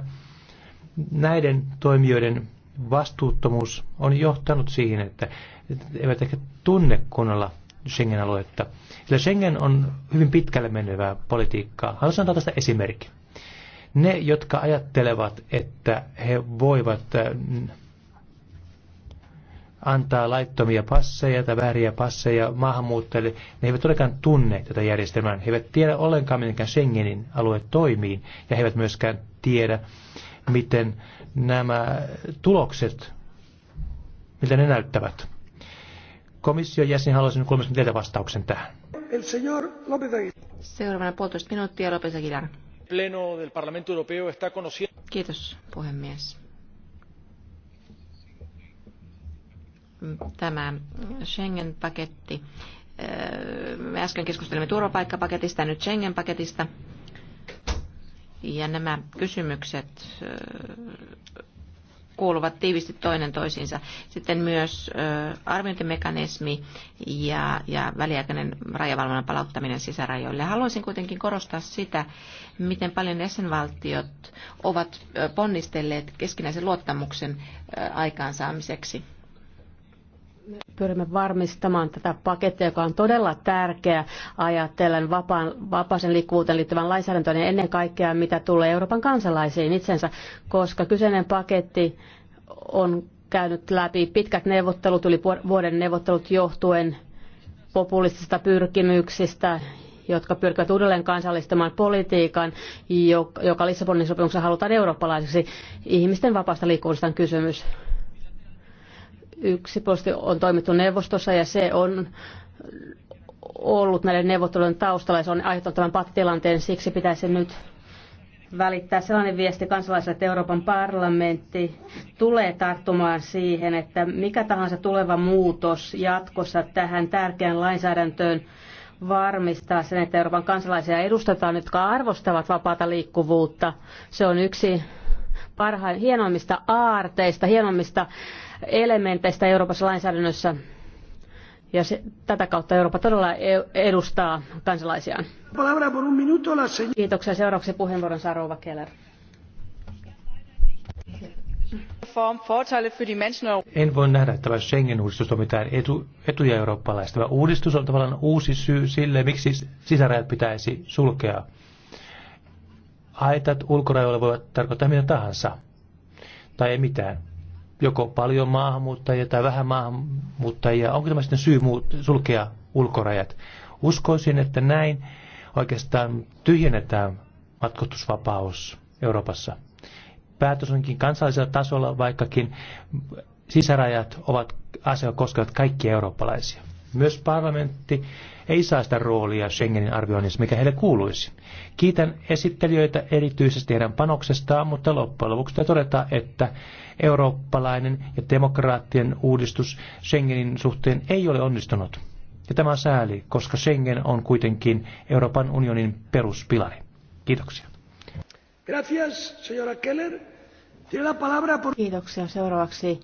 Speaker 4: näiden toimijoiden vastuuttomuus on johtanut siihen, että eivät ehkä tunne kunnolla Schengen-aluetta. Sillä Schengen on hyvin pitkälle menevää politiikkaa. Haluaisin antaa tästä esimerkki. Ne, jotka ajattelevat, että he voivat äh, antaa laittomia passeja tai vääriä passeja maahanmuuttajille, ne eivät olekaan tunne tätä järjestelmää. He eivät tiedä ollenkaan, miten Schengenin alue toimii, ja he eivät myöskään tiedä, miten nämä tulokset, miltä ne näyttävät. Komission jäsen haluaisin kuulemma teiltä vastauksen tähän. El señor
Speaker 1: Seuraavana puolitoista minuuttia López Aguilar.
Speaker 4: Pleno del Parlamento Europeo está conociendo...
Speaker 1: Kiitos, puhemies tämä Schengen-paketti. Öö, me äsken keskustelimme turvapaikkapaketista ja nyt Schengen-paketista. Ja nämä kysymykset öö, kuuluvat tiivisti toinen toisiinsa. Sitten myös öö, arviointimekanismi ja, ja väliaikainen rajavalvonnan palauttaminen sisärajoille. Haluaisin kuitenkin korostaa sitä, miten paljon jäsenvaltiot ovat ponnistelleet keskinäisen luottamuksen aikaansaamiseksi pyrimme
Speaker 2: varmistamaan tätä pakettia, joka on todella tärkeä ajatellen vapaan, vapaaseen liikkuvuuteen liittyvän lainsäädäntöön ja ennen kaikkea mitä tulee Euroopan kansalaisiin itsensä, koska kyseinen paketti on käynyt läpi pitkät neuvottelut, yli vuoden neuvottelut johtuen populistisista pyrkimyksistä, jotka pyrkivät uudelleen kansallistamaan politiikan, joka Lissabonin sopimuksessa halutaan eurooppalaiseksi. Ihmisten vapaasta liikkuvuudesta on kysymys. Yksi posti on toimittu neuvostossa ja se on ollut näiden neuvottelujen taustalla ja se on aiheuttanut tämän pattitilanteen. Siksi pitäisi nyt välittää sellainen viesti kansalaisille, että Euroopan parlamentti tulee tarttumaan siihen, että mikä tahansa tuleva muutos jatkossa tähän tärkeään lainsäädäntöön varmistaa sen, että Euroopan kansalaisia edustetaan, jotka arvostavat vapaata liikkuvuutta. Se on yksi parhain, hienoimmista aarteista, hienoimmista elementeistä Euroopassa lainsäädännössä. Ja se, tätä kautta Eurooppa todella e, edustaa kansalaisiaan. Kiitoksia. Seuraavaksi puheenvuoron saa Rouva Keller.
Speaker 4: En voi nähdä, että tämä Schengen-uudistus on mitään etu, etuja eurooppalaista. Tämä uudistus on tavallaan uusi syy sille, miksi sisärajat pitäisi sulkea. Aitat ulkorajoilla voivat tarkoittaa mitä tahansa. Tai ei mitään joko paljon maahanmuuttajia tai vähän maahanmuuttajia. Onko tämä sitten syy sulkea ulkorajat? Uskoisin, että näin oikeastaan tyhjennetään matkustusvapaus Euroopassa. Päätös onkin kansallisella tasolla, vaikkakin sisärajat ovat asia koskevat kaikkia eurooppalaisia. Myös parlamentti ei saa sitä roolia Schengenin arvioinnissa, mikä heille kuuluisi. Kiitän esittelijöitä erityisesti heidän panoksestaan, mutta loppujen lopuksi todeta, että eurooppalainen ja demokraattien uudistus Schengenin suhteen ei ole onnistunut. Ja tämä on sääli, koska Schengen on kuitenkin Euroopan unionin peruspilari. Kiitoksia. Gracias, señora Keller.
Speaker 2: Tiene la palabra por... Kiitoksia. Seuraavaksi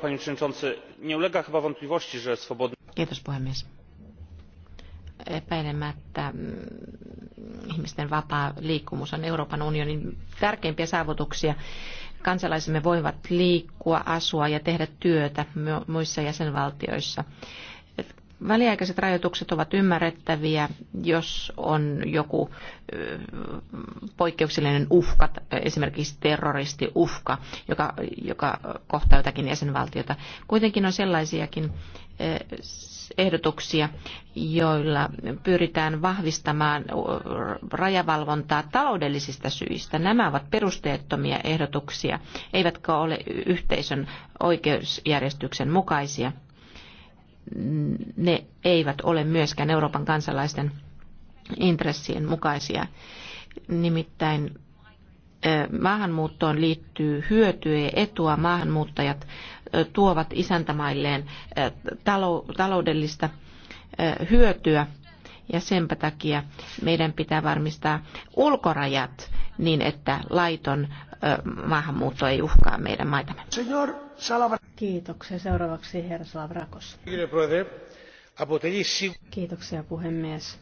Speaker 4: Panie przewodniczący, nie ulega chyba wątpliwości, że swobodny...
Speaker 1: Kiitos puhemies epäilemättä mm, ihmisten vapaa liikkuvuus on Euroopan unionin tärkeimpiä saavutuksia. Kansalaisemme voivat liikkua, asua ja tehdä työtä muissa jäsenvaltioissa. Väliaikaiset rajoitukset ovat ymmärrettäviä, jos on joku poikkeuksellinen uhka, esimerkiksi terroristiuhka, joka, joka kohtaa jotakin jäsenvaltiota. Kuitenkin on sellaisiakin ehdotuksia, joilla pyritään vahvistamaan rajavalvontaa taloudellisista syistä. Nämä ovat perusteettomia ehdotuksia, eivätkä ole yhteisön oikeusjärjestyksen mukaisia ne eivät ole myöskään Euroopan kansalaisten intressien mukaisia. Nimittäin maahanmuuttoon liittyy hyötyä ja etua. Maahanmuuttajat tuovat isäntämailleen taloudellista hyötyä ja senpä takia meidän pitää varmistaa ulkorajat niin, että laiton maahanmuutto ei uhkaa meidän maitamme.
Speaker 6: Kiitoksia.
Speaker 2: Seuraavaksi herra Salavrakos. Kiitoksia puhemies.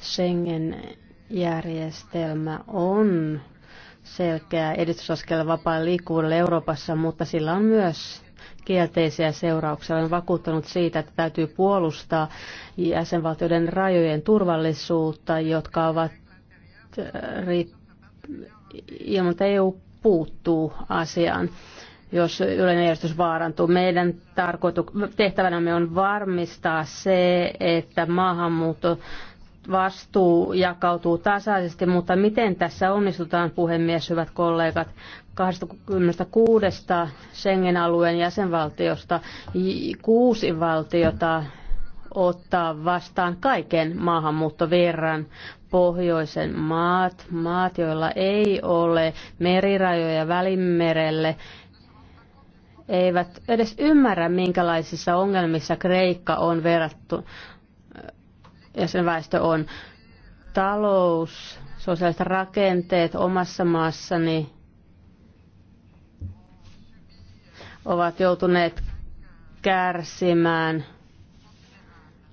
Speaker 2: Schengen-järjestelmä on selkeä edistysaskel vapaan liikkuvuudelle Euroopassa, mutta sillä on myös kielteisiä seurauksia. Olen vakuuttanut siitä, että täytyy puolustaa jäsenvaltioiden rajojen turvallisuutta, jotka ovat äh, ilman, että EU puuttuu asiaan jos yleinen järjestys vaarantuu. Meidän tarkoitu- tehtävänämme on varmistaa se, että maahanmuutto vastuu jakautuu tasaisesti, mutta miten tässä onnistutaan, puhemies, hyvät kollegat, 26 Schengen-alueen jäsenvaltiosta kuusi valtiota ottaa vastaan kaiken maahanmuuttovirran. Pohjoisen maat, maat, joilla ei ole merirajoja välimerelle, eivät edes ymmärrä, minkälaisissa ongelmissa Kreikka on verrattu ja sen väestö on. Talous, sosiaaliset rakenteet omassa maassani ovat joutuneet kärsimään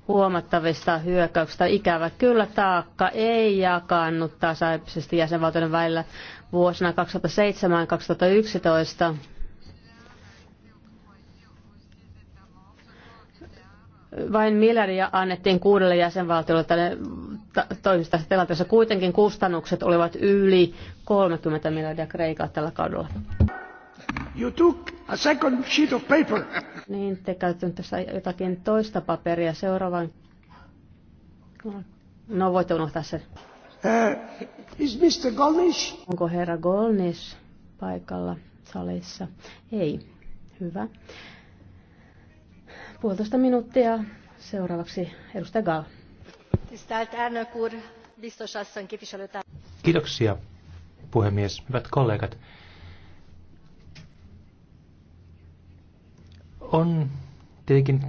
Speaker 2: huomattavista hyökkäyksistä. Ikävä kyllä taakka ei jakannut tasaisesti jäsenvaltioiden välillä vuosina 2007-2011 vain miljardia annettiin kuudelle jäsenvaltiolle tälle toimista tilanteessa. Kuitenkin kustannukset olivat yli 30 miljardia Kreikalla tällä kaudella.
Speaker 3: You took a second
Speaker 2: sheet of paper. Niin, te käytätte tässä jotakin toista paperia. Seuraavan... No, voitte unohtaa sen. Uh,
Speaker 4: is Mr. Golnish?
Speaker 2: Onko herra Golnish paikalla salissa? Ei. Hyvä. Puolitoista minuuttia. Seuraavaksi edustaja Gal.
Speaker 4: Kiitoksia, puhemies. Hyvät kollegat. On tietenkin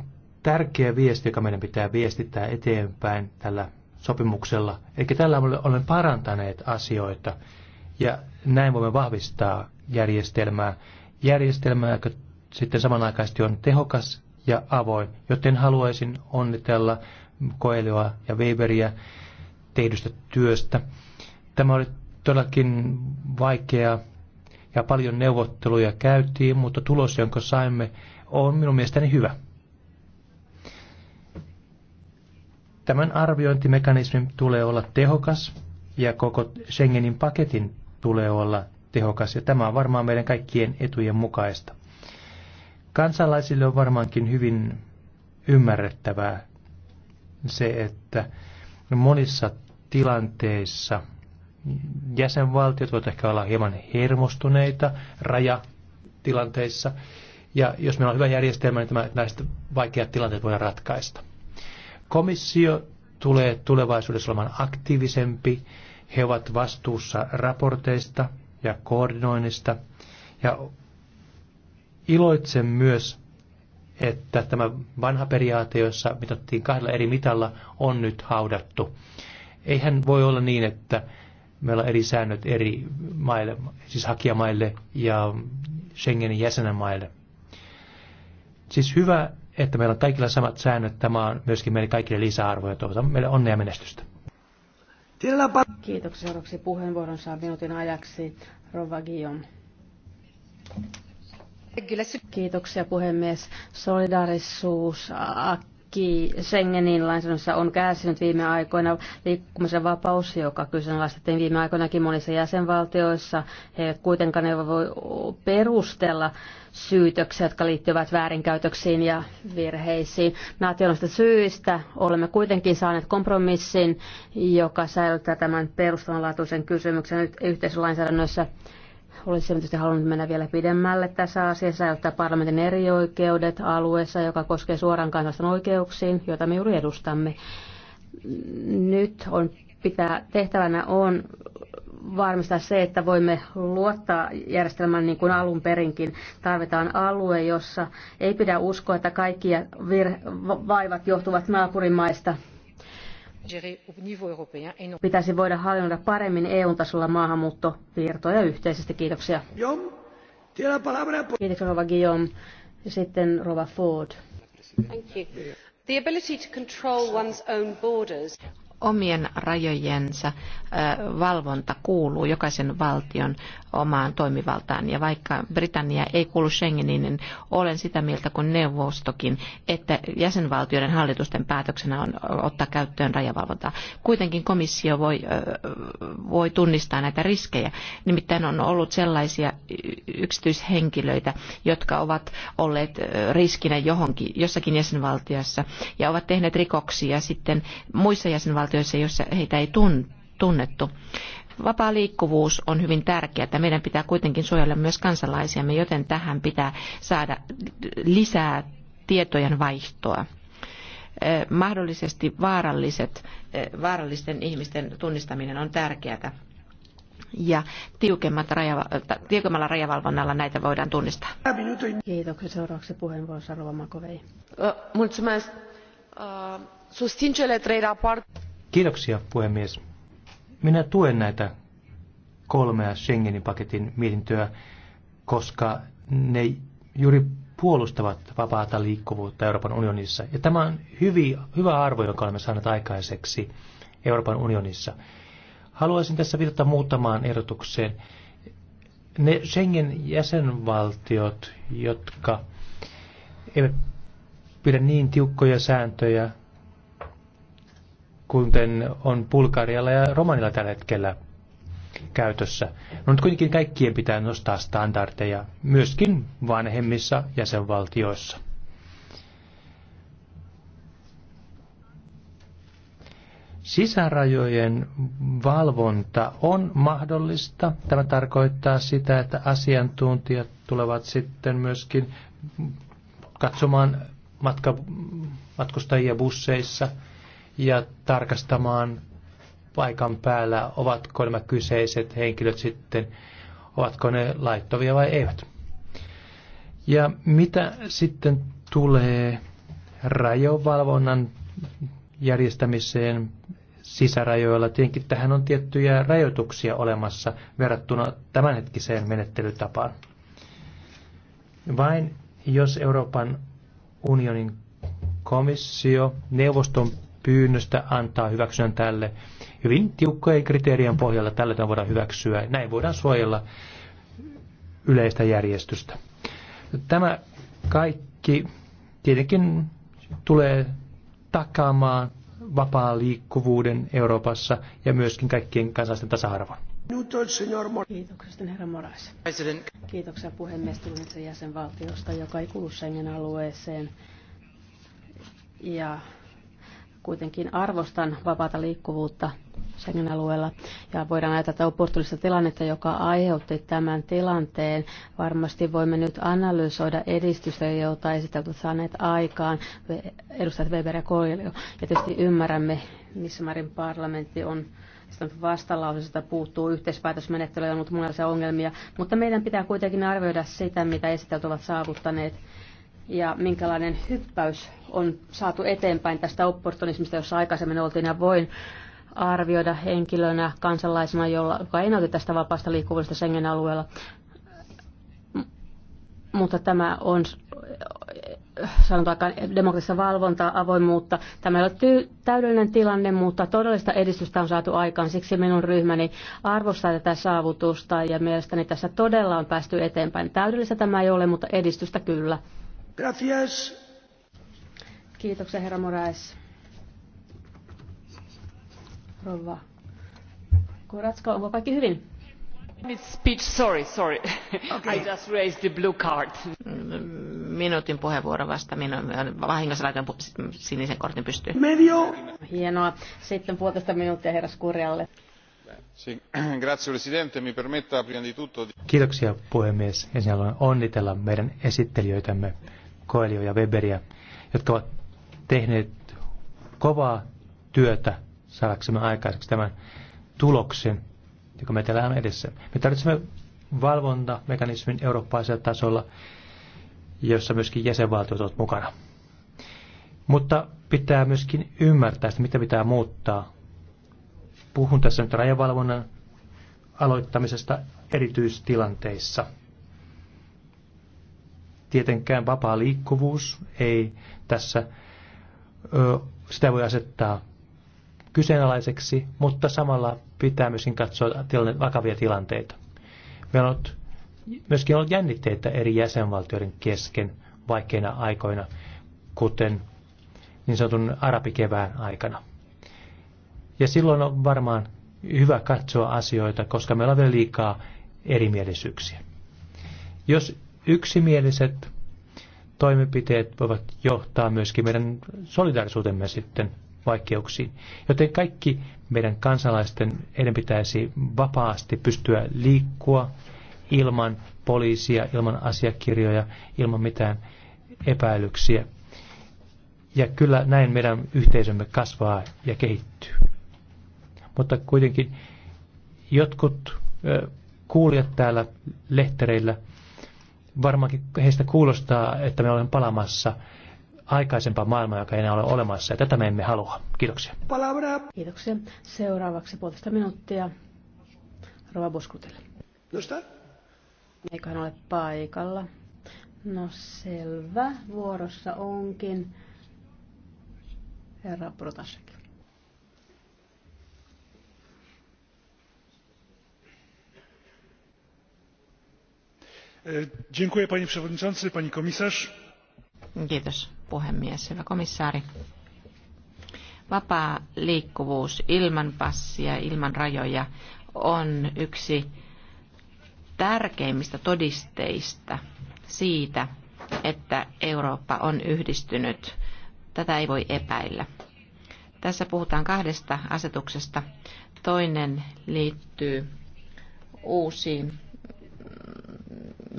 Speaker 4: tärkeä viesti, joka meidän pitää viestittää eteenpäin tällä sopimuksella. Eli tällä olemme parantaneet asioita ja näin voimme vahvistaa järjestelmää. Järjestelmää, joka sitten samanaikaisesti on tehokas ja avoin, joten haluaisin onnitella Koelioa ja Weberiä tehdystä työstä. Tämä oli todellakin vaikea ja paljon neuvotteluja käytiin, mutta tulos, jonka saimme, on minun mielestäni hyvä. Tämän arviointimekanismin tulee olla tehokas ja koko Schengenin paketin tulee olla tehokas ja tämä on varmaan meidän kaikkien etujen mukaista. Kansalaisille on varmaankin hyvin ymmärrettävää se, että monissa tilanteissa jäsenvaltiot voivat ehkä olla hieman hermostuneita rajatilanteissa. Ja jos meillä on hyvä järjestelmä, niin tämä, näistä vaikeat tilanteet voidaan ratkaista. Komissio tulee tulevaisuudessa olemaan aktiivisempi. He ovat vastuussa raporteista ja koordinoinnista ja Iloitsen myös, että tämä vanha periaate, jossa mitattiin kahdella eri mitalla, on nyt haudattu. Eihän voi olla niin, että meillä on eri säännöt eri maille, siis hakijamaille ja Schengenin jäsenmaille. Siis hyvä, että meillä on kaikilla samat säännöt. Tämä on myöskin meille kaikille lisäarvo ja toivotan meille onnea ja menestystä.
Speaker 2: Kiitoksia. Seuraavaksi puheenvuoron saa minuutin ajaksi Rova Guillaume. Kiitoksia puhemies. Solidarisuus Schengenin lainsäädännössä on kärsinyt viime aikoina liikkumisen vapaus, joka kyseenalaistettiin viime aikoinakin monissa jäsenvaltioissa. He kuitenkaan ei voi perustella syytöksiä, jotka liittyvät väärinkäytöksiin ja virheisiin. Nationalista syistä olemme kuitenkin saaneet kompromissin, joka säilyttää tämän perustavanlaatuisen kysymyksen yhteisölainsäädännössä. Olisi tietysti halunnut mennä vielä pidemmälle tässä asiassa ja parlamentin eri oikeudet alueessa, joka koskee suoraan kansallisten oikeuksiin, joita me juuri edustamme. Nyt on pitää, tehtävänä on varmistaa se, että voimme luottaa järjestelmän niin kuin alun perinkin. Tarvitaan alue, jossa ei pidä uskoa, että kaikki vaivat johtuvat naapurimaista Pitäisi voida hallinnoida paremmin EU-tasolla maahanmuuttovirtoja yhteisesti. Kiitoksia. Kiitoksia, Rova Guillaume.
Speaker 1: Sitten Rova Ford. Thank you. The ability to control one's own borders omien rajojensa valvonta kuuluu jokaisen valtion omaan toimivaltaan. Ja vaikka Britannia ei kuulu Schengeniin, niin olen sitä mieltä kuin neuvostokin, että jäsenvaltioiden hallitusten päätöksenä on ottaa käyttöön rajavalvontaa. Kuitenkin komissio voi, voi tunnistaa näitä riskejä. Nimittäin on ollut sellaisia yksityishenkilöitä, jotka ovat olleet riskinä johonkin, jossakin jäsenvaltiossa ja ovat tehneet rikoksia sitten muissa jäsenvaltioissa, joissa heitä ei tunne tunnettu. Vapaa liikkuvuus on hyvin tärkeää. että Meidän pitää kuitenkin suojella myös kansalaisiamme, joten tähän pitää saada lisää tietojen vaihtoa mahdollisesti vaaralliset, vaarallisten ihmisten tunnistaminen on tärkeää. Ja tiukemmat raja, tiukemmalla rajavalvonnalla näitä voidaan tunnistaa.
Speaker 2: Kiitoksia. Seuraavaksi puheenvuoro Sarva Makovei.
Speaker 3: Mulțumesc. Susțin cele trei
Speaker 4: Kiitoksia puhemies. Minä tuen näitä kolmea Schengenin paketin mietintöä, koska ne juuri puolustavat vapaata liikkuvuutta Euroopan unionissa. Ja tämä on hyvin, hyvä arvo, jonka olemme saaneet aikaiseksi Euroopan unionissa. Haluaisin tässä viitata muutamaan ehdotukseen. Ne Schengen jäsenvaltiot, jotka eivät pidä niin tiukkoja sääntöjä kuten on Bulgarialla ja Romanilla tällä hetkellä käytössä. No nyt kuitenkin kaikkien pitää nostaa standardeja, myöskin vanhemmissa jäsenvaltioissa. Sisärajojen valvonta on mahdollista. Tämä tarkoittaa sitä, että asiantuntijat tulevat sitten myöskin katsomaan matka, matkustajia busseissa – ja tarkastamaan paikan päällä, ovatko nämä kyseiset henkilöt sitten, ovatko ne laittovia vai eivät. Ja mitä sitten tulee rajovalvonnan järjestämiseen sisärajoilla, tietenkin tähän on tiettyjä rajoituksia olemassa verrattuna tämänhetkiseen menettelytapaan. Vain jos Euroopan unionin komissio neuvoston pyynnöstä antaa hyväksynnän tälle hyvin tiukkojen kriteerien pohjalta. Tällä tavalla voidaan hyväksyä. Näin voidaan suojella yleistä järjestystä. Tämä kaikki tietenkin tulee takaamaan vapaan liikkuvuuden Euroopassa ja myöskin kaikkien kansalaisten tasa-arvon.
Speaker 2: Kiitoksia, herra Morais. Kiitoksia puhemies Tulmitsen jäsenvaltiosta, joka ei kuulu Schengen-alueeseen. Ja Kuitenkin arvostan vapaata liikkuvuutta Schengen-alueella ja voidaan ajatella opportunista tilannetta, joka aiheutti tämän tilanteen. Varmasti voimme nyt analysoida edistystä, jota esitelty saaneet aikaan edustajat Weber ja Koilio. Ja tietysti ymmärrämme, missä määrin parlamentti on vastalausesta puuttuu yhteispäätösmenettelyä ja on ollut monenlaisia ongelmia, mutta meidän pitää kuitenkin arvioida sitä, mitä esitelty ovat saavuttaneet ja minkälainen hyppäys on saatu eteenpäin tästä opportunismista, jossa aikaisemmin oltiin ja voin arvioida henkilönä, kansalaisena, jolla, joka ei nauti tästä vapaasta liikkuvuudesta Schengen-alueella. Mutta tämä on sanotaan demokratista valvontaa, avoimuutta. Tämä ei ole täydellinen tilanne, mutta todellista edistystä on saatu aikaan. Siksi minun ryhmäni arvostaa tätä saavutusta ja mielestäni tässä todella on päästy eteenpäin. Täydellistä tämä ei ole, mutta edistystä kyllä.
Speaker 4: Gracias.
Speaker 2: Kiitoksia, herra Moraes. Rouva Koratska, onko kaikki
Speaker 1: hyvin? Speech, sorry, sorry. Okay. I just raised the blue card. Minuutin puheenvuoro vasta. Minä vahingossa laitoin sinisen kortin pystyyn.
Speaker 2: Medio. Hienoa. Sitten puolitoista minuuttia herras Kurjalle.
Speaker 4: Kiitoksia puhemies. Ensin haluan onnitella meidän esittelijöitämme Koelio ja Weberia, jotka ovat tehneet kovaa työtä saadaksemme aikaiseksi tämän tuloksen, joka me täällä on edessä. Me tarvitsemme valvontamekanismin eurooppalaisella tasolla, jossa myöskin jäsenvaltiot ovat mukana. Mutta pitää myöskin ymmärtää sitä, mitä pitää muuttaa. Puhun tässä nyt rajavalvonnan aloittamisesta erityistilanteissa. Tietenkään vapaa liikkuvuus ei tässä, sitä voi asettaa kyseenalaiseksi, mutta samalla pitää myöskin katsoa tilanne, vakavia tilanteita. Meillä on myöskin ollut jännitteitä eri jäsenvaltioiden kesken vaikeina aikoina, kuten niin sanotun arabikevään aikana. Ja silloin on varmaan hyvä katsoa asioita, koska meillä on vielä liikaa erimielisyyksiä. Jos Yksimieliset toimenpiteet voivat johtaa myöskin meidän solidaarisuutemme sitten vaikeuksiin. Joten kaikki meidän kansalaisten, heidän pitäisi vapaasti pystyä liikkua ilman poliisia, ilman asiakirjoja, ilman mitään epäilyksiä. Ja kyllä näin meidän yhteisömme kasvaa ja kehittyy. Mutta kuitenkin jotkut kuulijat täällä lehtereillä – Varmaankin heistä kuulostaa, että me olemme palamassa aikaisempaan maailmaan, joka ei enää ole olemassa, ja tätä me emme halua. Kiitoksia.
Speaker 2: Palabra. Kiitoksia. Seuraavaksi puolesta minuuttia Rova Boskutelle. No sitä? Eiköhän ole paikalla. No selvä, vuorossa onkin herra Protasek.
Speaker 4: E, panie przewodniczący pani komisarz!
Speaker 1: kiitos puhemies hyvä komissaari vapaa liikkuvuus ilman passia ilman rajoja on yksi tärkeimmistä todisteista siitä että eurooppa on yhdistynyt tätä ei voi epäillä. tässä puhutaan kahdesta asetuksesta toinen liittyy uusiin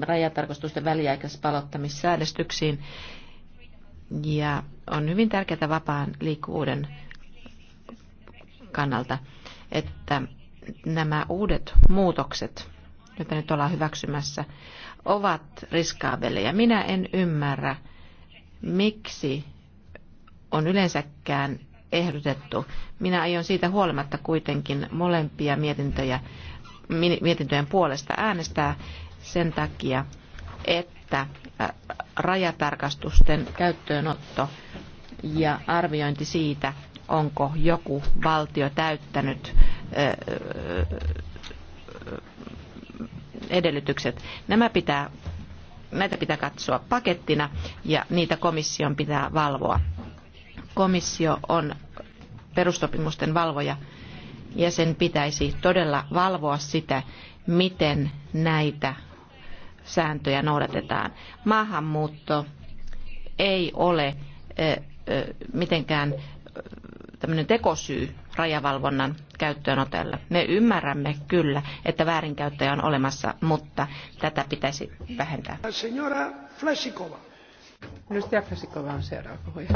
Speaker 1: rajatarkastusten väliaikaispaloittamissäädöstyksiin. Ja on hyvin tärkeää vapaan liikkuvuuden kannalta, että nämä uudet muutokset, joita nyt ollaan hyväksymässä, ovat riskaabeleja. Minä en ymmärrä, miksi on yleensäkään ehdotettu. Minä aion siitä huolimatta kuitenkin molempia mietintöjä, mietintöjen puolesta äänestää sen takia, että rajatarkastusten käyttöönotto ja arviointi siitä, onko joku valtio täyttänyt edellytykset. Nämä pitää, näitä pitää katsoa pakettina ja niitä komission pitää valvoa. Komissio on perustopimusten valvoja ja sen pitäisi todella valvoa sitä, miten näitä sääntöjä noudatetaan. Maahanmuutto ei ole mitenkään tämmöinen tekosyy rajavalvonnan otella. Me ymmärrämme kyllä, että väärinkäyttäjä on olemassa, mutta tätä pitäisi vähentää.
Speaker 4: Senora Flesikova.
Speaker 3: Edustaja Flesikova on seuraava puhuja.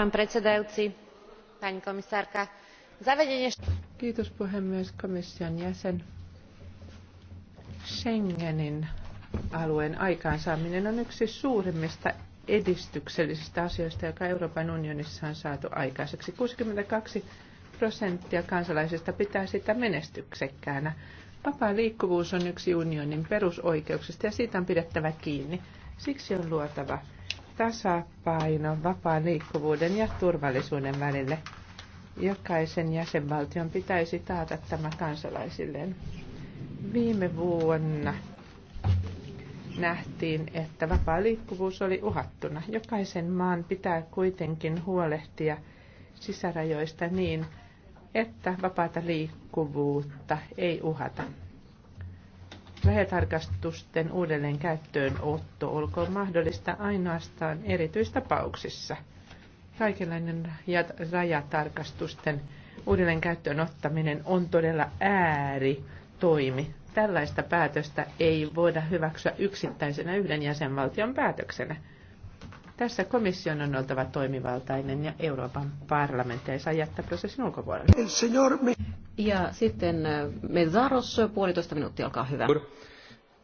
Speaker 3: Kiitos puhemies komission jäsen. Schengenin alueen aikaansaaminen on yksi suurimmista edistyksellisistä asioista, joka Euroopan unionissa on saatu aikaiseksi. 62 prosenttia kansalaisista pitää sitä menestyksekkäänä. Vapaa liikkuvuus on yksi unionin perusoikeuksista ja siitä on pidettävä kiinni. Siksi on luotava tasapaino vapaan liikkuvuuden ja turvallisuuden välille. Jokaisen jäsenvaltion pitäisi taata tämä kansalaisilleen. Viime vuonna nähtiin, että vapaa liikkuvuus oli uhattuna. Jokaisen maan pitää kuitenkin huolehtia sisärajoista niin, että vapaata liikkuvuutta ei uhata. Rajatarkastusten uudelleen käyttöönotto olkoon mahdollista ainoastaan erityistapauksissa. Kaikenlainen rajatarkastusten uudelleen käyttöön ottaminen on todella ääri toimi. Tällaista päätöstä ei voida hyväksyä yksittäisenä yhden jäsenvaltion päätöksenä. Tässä komission on oltava toimivaltainen ja Euroopan parlamentti ei saa jättää prosessin
Speaker 5: ulkopuolelle. Ja sitten äh, Mezaros, puolitoista minuuttia, olkaa hyvä.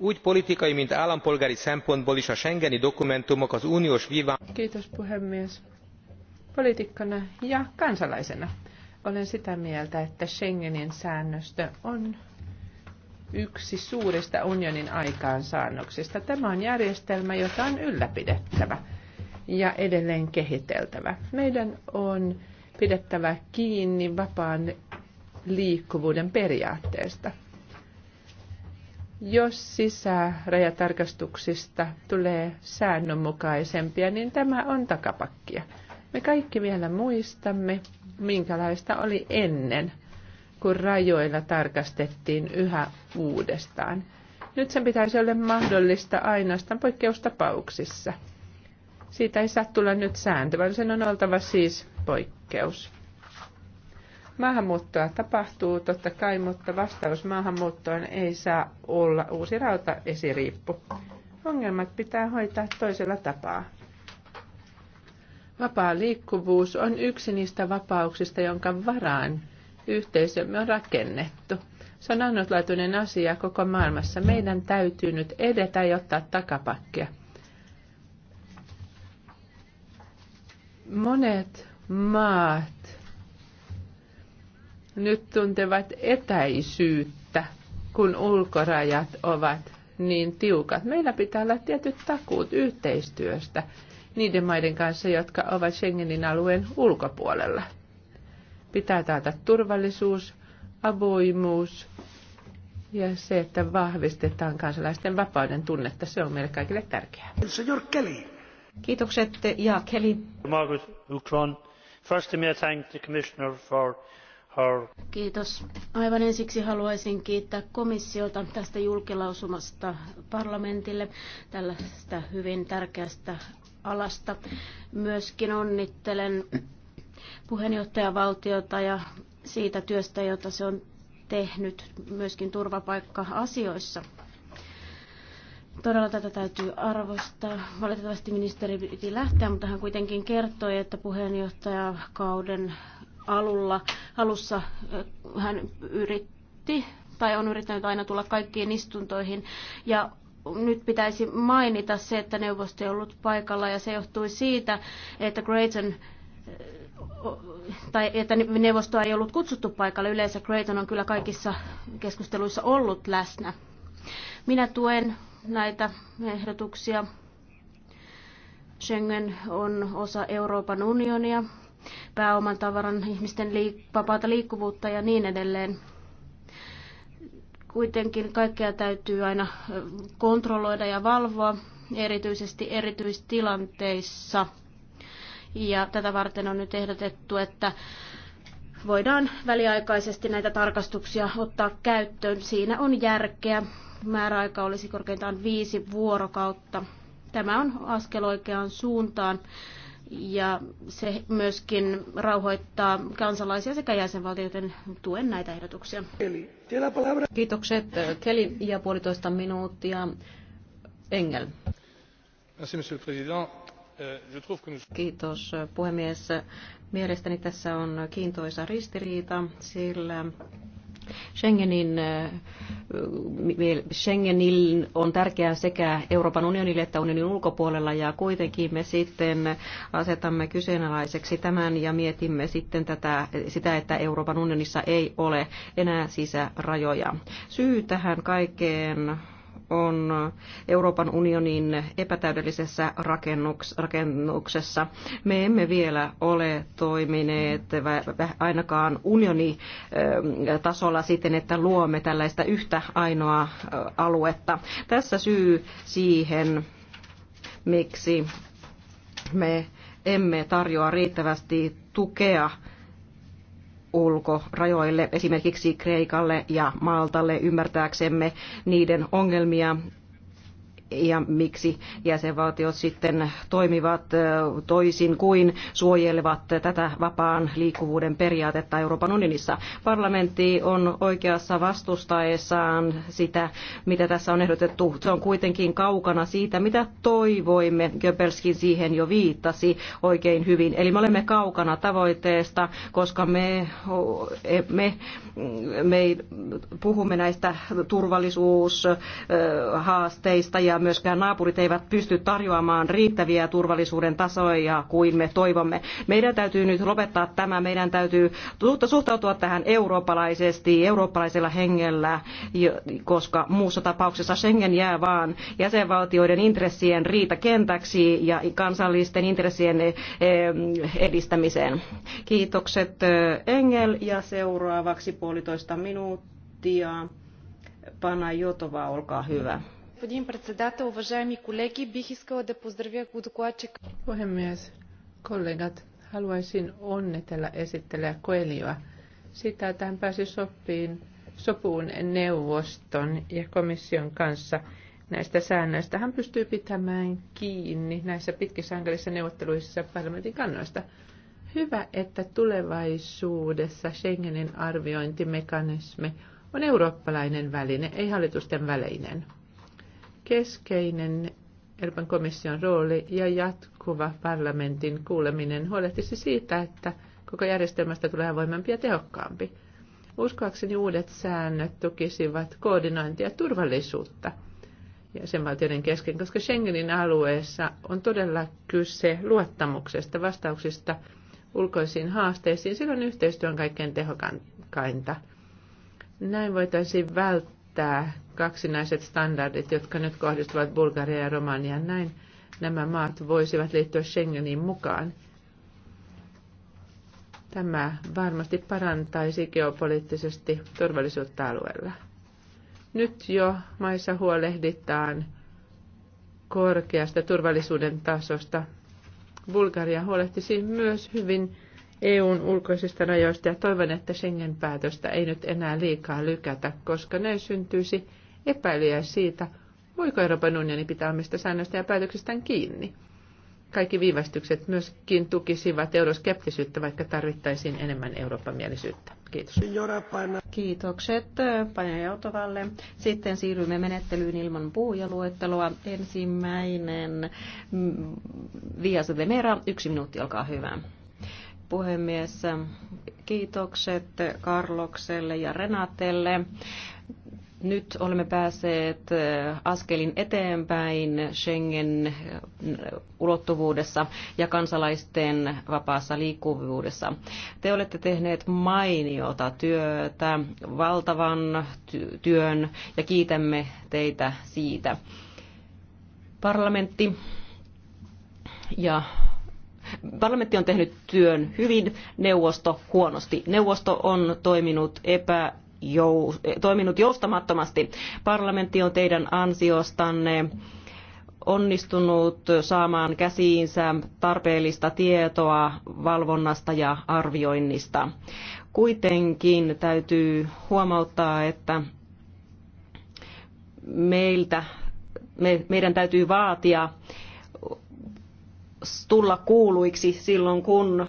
Speaker 4: Úgy politikai, mint állampolgári szempontból is a Schengeni dokumentumok az uniós viván...
Speaker 3: Kiitos puhemies. Politikkana ja kansalaisena olen sitä mieltä, että Schengenin säännöstö on yksi suurista unionin aikaansaannoksista. Tämä on järjestelmä, jota on ylläpidettävä ja edelleen kehiteltävä. Meidän on pidettävä kiinni vapaan liikkuvuuden periaatteesta. Jos sisärajatarkastuksista tulee säännönmukaisempia, niin tämä on takapakkia. Me kaikki vielä muistamme, minkälaista oli ennen – kun rajoilla tarkastettiin yhä uudestaan. Nyt sen pitäisi olla mahdollista ainoastaan poikkeustapauksissa. Siitä ei saa tulla nyt sääntö, vaan sen on oltava siis poikkeus. Maahanmuuttoa tapahtuu totta kai, mutta vastaus maahanmuuttoon ei saa olla uusi rauta esiriippu. Ongelmat pitää hoitaa toisella tapaa. Vapaa liikkuvuus on yksi niistä vapauksista, jonka varaan yhteisömme on rakennettu. Se on ainutlaatuinen asia koko maailmassa. Meidän täytyy nyt edetä ja ottaa takapakkia. Monet maat nyt tuntevat etäisyyttä, kun ulkorajat ovat niin tiukat. Meillä pitää olla tietyt takuut yhteistyöstä niiden maiden kanssa, jotka ovat Schengenin alueen ulkopuolella. Pitää taata turvallisuus, avoimuus ja se, että vahvistetaan kansalaisten vapauden tunnetta. Se on meille kaikille tärkeää.
Speaker 4: Kiitokset
Speaker 6: ja Kelly. Kiitos. Aivan ensiksi haluaisin kiittää komissiota tästä julkilausumasta parlamentille tällaista hyvin tärkeästä alasta. Myöskin onnittelen puheenjohtajavaltiota ja siitä työstä, jota se on tehnyt myöskin turvapaikka-asioissa. Todella tätä täytyy arvostaa. Valitettavasti ministeri piti lähteä, mutta hän kuitenkin kertoi, että puheenjohtajakauden alulla, alussa eh, hän yritti tai on yrittänyt aina tulla kaikkiin istuntoihin. Ja nyt pitäisi mainita se, että neuvosto ei ollut paikalla ja se johtui siitä, että Grayson eh, tai että neuvostoa ei ollut kutsuttu paikalle. Yleensä Creighton on kyllä kaikissa keskusteluissa ollut läsnä. Minä tuen näitä ehdotuksia. Schengen on osa Euroopan unionia, pääoman tavaran ihmisten liik- vapaata liikkuvuutta ja niin edelleen. Kuitenkin kaikkea täytyy aina kontrolloida ja valvoa, erityisesti erityistilanteissa – ja tätä varten on nyt ehdotettu, että voidaan väliaikaisesti näitä tarkastuksia ottaa käyttöön. Siinä on järkeä. Määräaika olisi korkeintaan viisi vuorokautta. Tämä on askel oikeaan suuntaan ja se myöskin rauhoittaa kansalaisia sekä jäsenvaltioiden tuen näitä ehdotuksia.
Speaker 5: Kiitokset keli ja puolitoista minuuttia Engel.
Speaker 3: Merci, monsieur le président.
Speaker 5: Kiitos puhemies. Mielestäni tässä on kiintoisa ristiriita, sillä Schengenin, Schengenin on tärkeää sekä Euroopan unionille että unionin ulkopuolella ja kuitenkin me sitten asetamme kyseenalaiseksi tämän ja mietimme sitten tätä, sitä, että Euroopan unionissa ei ole enää sisärajoja. Syy tähän kaikkeen on Euroopan unionin epätäydellisessä rakennuksessa. Me emme vielä ole toimineet ainakaan unionitasolla siten, että luomme tällaista yhtä ainoa aluetta. Tässä syy siihen, miksi me emme tarjoa riittävästi tukea ulkorajoille, esimerkiksi Kreikalle ja Maltalle, ymmärtääksemme niiden ongelmia ja miksi jäsenvaltiot sitten toimivat toisin kuin suojelevat tätä vapaan liikkuvuuden periaatetta Euroopan unionissa. Parlamentti on oikeassa vastustaessaan sitä, mitä tässä on ehdotettu. Se on kuitenkin kaukana siitä, mitä toivoimme. Göbelskin siihen jo viittasi oikein hyvin. Eli me olemme kaukana tavoitteesta, koska me, e, me, me puhumme näistä turvallisuushaasteista ja myöskään naapurit eivät pysty tarjoamaan riittäviä turvallisuuden tasoja kuin me toivomme. Meidän täytyy nyt lopettaa tämä, meidän täytyy suhtautua tähän eurooppalaisesti, eurooppalaisella hengellä, koska muussa tapauksessa Schengen jää vaan jäsenvaltioiden intressien riitakentäksi ja kansallisten intressien eh, eh, edistämiseen. Kiitokset eh, Engel ja seuraavaksi puolitoista minuuttia. Pana Jotova, olkaa hyvä.
Speaker 1: Господин председател, уважаеми колеги, бих искала да поздравя докладчика.
Speaker 5: Puhemies,
Speaker 3: kollegat, haluaisin onnitella esittelijä Koelioa sitä, että hän pääsi sopiin, sopuun neuvoston ja komission kanssa näistä säännöistä. Hän pystyy pitämään kiinni näissä pitkissä hankalissa neuvotteluissa parlamentin kannoista. Hyvä, että tulevaisuudessa Schengenin arviointimekanismi on eurooppalainen väline, ei hallitusten välinen. Keskeinen Euroopan komission rooli ja jatkuva parlamentin kuuleminen huolehtisi siitä, että koko järjestelmästä tulee voimampi ja tehokkaampi. Uskoakseni uudet säännöt tukisivat koordinointia ja turvallisuutta jäsenvaltioiden kesken, koska Schengenin alueessa on todella kyse luottamuksesta, vastauksista ulkoisiin haasteisiin. Silloin yhteistyö on kaikkein tehokkainta. Näin voitaisiin välttää estää kaksinaiset standardit, jotka nyt kohdistuvat Bulgaria ja Romania. Näin nämä maat voisivat liittyä Schengenin mukaan. Tämä varmasti parantaisi geopoliittisesti turvallisuutta alueella. Nyt jo maissa huolehditaan korkeasta turvallisuuden tasosta. Bulgaria huolehtisi myös hyvin EUn ulkoisista rajoista ja toivon, että Schengen-päätöstä ei nyt enää liikaa lykätä, koska näin syntyisi epäilyjä siitä, voiko Euroopan unioni pitää omista säännöistä ja päätöksistään kiinni. Kaikki viivästykset myöskin tukisivat euroskeptisyyttä, vaikka tarvittaisiin enemmän Euroopan mielisyyttä.
Speaker 5: Kiitos. Kiitokset äh, Painajautovalle. Sitten siirrymme menettelyyn ilman puhujaluetteloa. Ensimmäinen mm, Vias de yksi minuutti, olkaa hyvä puhemies. Kiitokset Karlokselle ja Renatelle. Nyt olemme päässeet äh, askelin eteenpäin Schengen-ulottuvuudessa äh, ja kansalaisten vapaassa liikkuvuudessa. Te olette tehneet mainiota työtä, valtavan työn ja kiitämme teitä siitä. Parlamentti ja Parlamentti on tehnyt työn hyvin, neuvosto huonosti. Neuvosto on toiminut epä toiminut joustamattomasti. Parlamentti on teidän ansiostanne onnistunut saamaan käsiinsä tarpeellista tietoa valvonnasta ja arvioinnista. Kuitenkin täytyy huomauttaa, että meiltä, me, meidän täytyy vaatia tulla kuuluiksi silloin, kun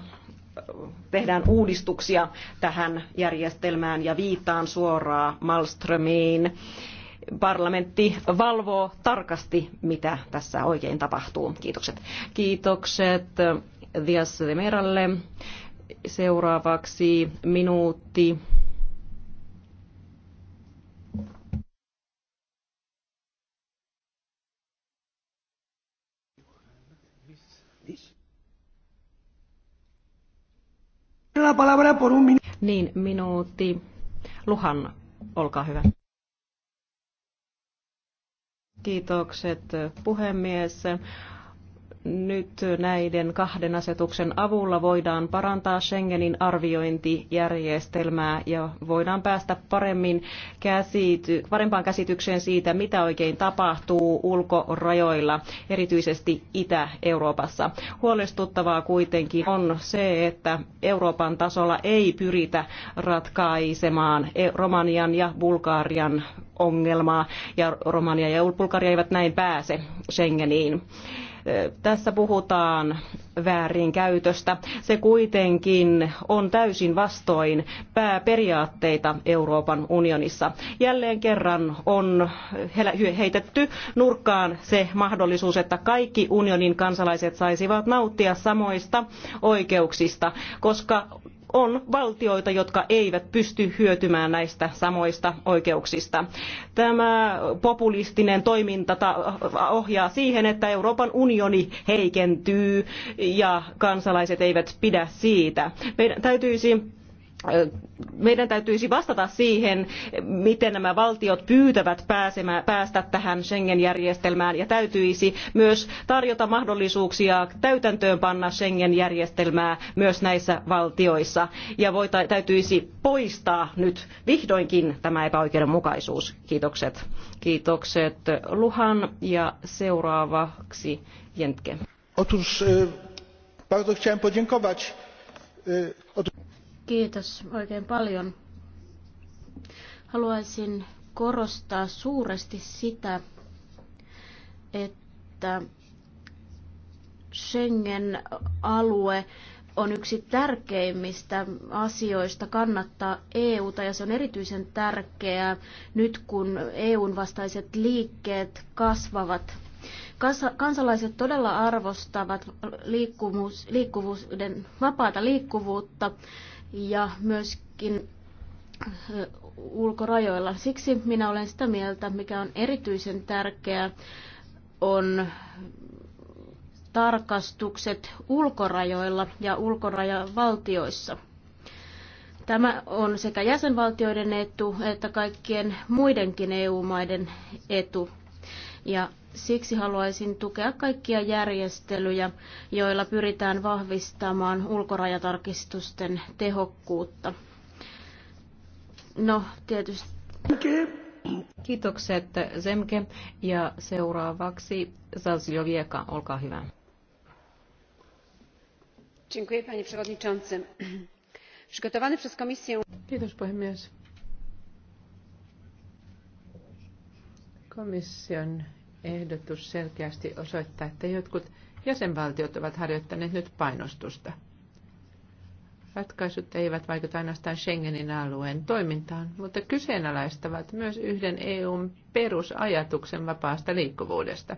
Speaker 5: tehdään uudistuksia tähän järjestelmään ja viittaan suoraan Malmströmiin. Parlamentti valvoo tarkasti, mitä tässä oikein tapahtuu. Kiitokset. Kiitokset Dias de Meralle. Seuraavaksi minuutti. La palabra por un Niin, minuutti. Luhan, olkaa hyvä. Kiitokset puhemies nyt näiden kahden asetuksen avulla voidaan parantaa Schengenin arviointijärjestelmää ja voidaan päästä paremmin käsity, parempaan käsitykseen siitä, mitä oikein tapahtuu ulkorajoilla, erityisesti Itä-Euroopassa. Huolestuttavaa kuitenkin on se, että Euroopan tasolla ei pyritä ratkaisemaan e-, Romanian ja Bulgarian ongelmaa, ja Romania ja Bulgaria eivät näin pääse Schengeniin. Tässä puhutaan väärinkäytöstä. Se kuitenkin on täysin vastoin pääperiaatteita Euroopan unionissa. Jälleen kerran on heitetty nurkkaan se mahdollisuus, että kaikki unionin kansalaiset saisivat nauttia samoista oikeuksista, koska on valtioita, jotka eivät pysty hyötymään näistä samoista oikeuksista. Tämä populistinen toiminta ohjaa siihen, että Euroopan unioni heikentyy ja kansalaiset eivät pidä siitä. Meidän täytyisi meidän täytyisi vastata siihen, miten nämä valtiot pyytävät päästä tähän Schengen-järjestelmään ja täytyisi myös tarjota mahdollisuuksia täytäntöönpanna Schengen-järjestelmää myös näissä valtioissa. Ja voita, täytyisi poistaa nyt vihdoinkin tämä epäoikeudenmukaisuus. Kiitokset. Kiitokset Luhan ja seuraavaksi Jentke.
Speaker 4: bardzo chciałem podziękować.
Speaker 6: Kiitos oikein paljon. Haluaisin korostaa suuresti sitä, että Schengen-alue on yksi tärkeimmistä asioista kannattaa EUta ja se on erityisen tärkeää nyt kun EUn vastaiset liikkeet kasvavat. Kansalaiset todella arvostavat liikkuvuus, liikkuvuuden, vapaata liikkuvuutta ja myöskin ulkorajoilla. Siksi minä olen sitä mieltä, mikä on erityisen tärkeää, on tarkastukset ulkorajoilla ja ulkorajavaltioissa. Tämä on sekä jäsenvaltioiden etu että kaikkien muidenkin EU-maiden etu. Ja Siksi haluaisin tukea kaikkia järjestelyjä, joilla pyritään vahvistamaan ulkorajatarkistusten tehokkuutta. No, tietysti. Kiitokset Zemke
Speaker 5: ja seuraavaksi Zazio Vieka, olkaa hyvä. Kiitos
Speaker 3: puhemies. Komission ehdotus selkeästi osoittaa, että jotkut jäsenvaltiot ovat harjoittaneet nyt painostusta. Ratkaisut eivät vaikuta ainoastaan Schengenin alueen toimintaan, mutta kyseenalaistavat myös yhden EUn perusajatuksen vapaasta liikkuvuudesta.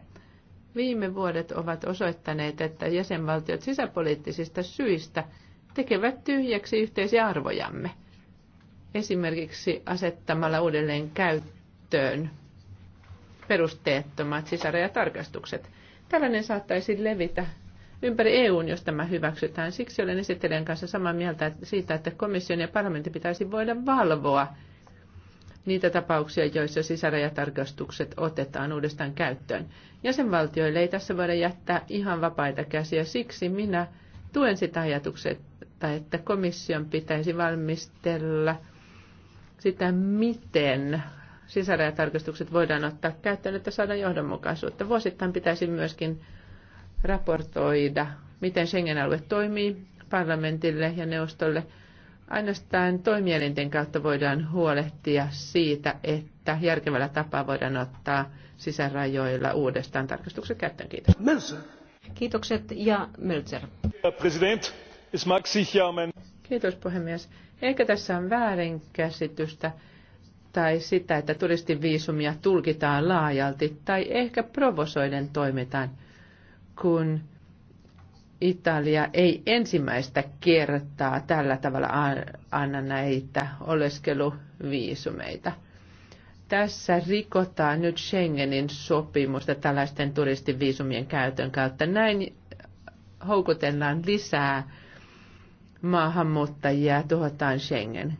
Speaker 3: Viime vuodet ovat osoittaneet, että jäsenvaltiot sisäpoliittisista syistä tekevät tyhjäksi yhteisiä arvojamme, esimerkiksi asettamalla uudelleen käyttöön perusteettomat sisärajatarkastukset. Tällainen saattaisi levitä ympäri EUn, jos tämä hyväksytään. Siksi olen esittelijän kanssa samaa mieltä siitä, että komission ja parlamentti pitäisi voida valvoa niitä tapauksia, joissa sisärajatarkastukset otetaan uudestaan käyttöön. Jäsenvaltioille ei tässä voida jättää ihan vapaita käsiä, siksi minä tuen sitä ajatuksetta, että komission pitäisi valmistella sitä, miten sisärajatarkastukset voidaan ottaa käyttöön, että saadaan johdonmukaisuutta. Vuosittain pitäisi myöskin raportoida, miten Schengen-alue toimii parlamentille ja neuvostolle. Ainoastaan toimielinten kautta voidaan huolehtia siitä, että järkevällä tapaa voidaan ottaa sisärajoilla uudestaan tarkastukset käyttöön.
Speaker 4: Kiitos.
Speaker 5: Kiitokset ja Mölzer.
Speaker 4: President, um
Speaker 3: Kiitos puhemies. Ehkä tässä on väärinkäsitystä tai sitä, että turistiviisumia tulkitaan laajalti tai ehkä provosoiden toimitaan, kun Italia ei ensimmäistä kertaa tällä tavalla anna näitä oleskeluviisumeita. Tässä rikotaan nyt Schengenin sopimusta tällaisten turistiviisumien käytön kautta. Näin houkutellaan lisää maahanmuuttajia ja tuhotaan Schengen.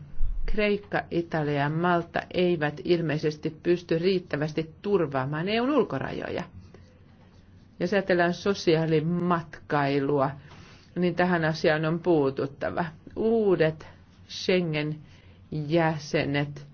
Speaker 3: Kreikka, Italia ja Malta eivät ilmeisesti pysty riittävästi turvaamaan EUn ulkorajoja. Jos ajatellaan sosiaalimatkailua, niin tähän asiaan on puututtava. Uudet Schengen-jäsenet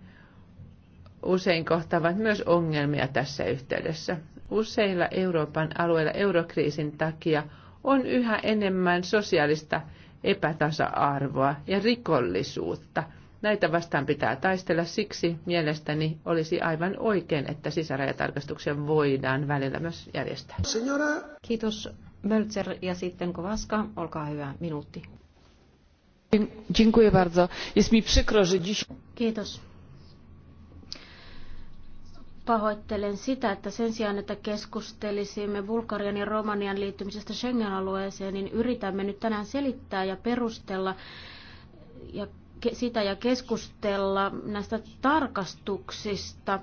Speaker 3: usein kohtaavat myös ongelmia tässä yhteydessä. Useilla Euroopan alueilla eurokriisin takia on yhä enemmän sosiaalista epätasa-arvoa ja rikollisuutta – Näitä vastaan pitää taistella, siksi mielestäni olisi aivan oikein, että sisärajatarkastuksia voidaan välillä myös järjestää.
Speaker 5: Senora. Kiitos Möltser ja sitten Kovaska,
Speaker 1: olkaa hyvä, minuutti. Dziękuję bardzo. Jest mi przykro, że dziś...
Speaker 6: Kiitos. Pahoittelen sitä, että sen sijaan, että keskustelisimme Bulgarian ja Romanian liittymisestä Schengen-alueeseen, niin yritämme nyt tänään selittää ja perustella ja sitä ja keskustella näistä tarkastuksista,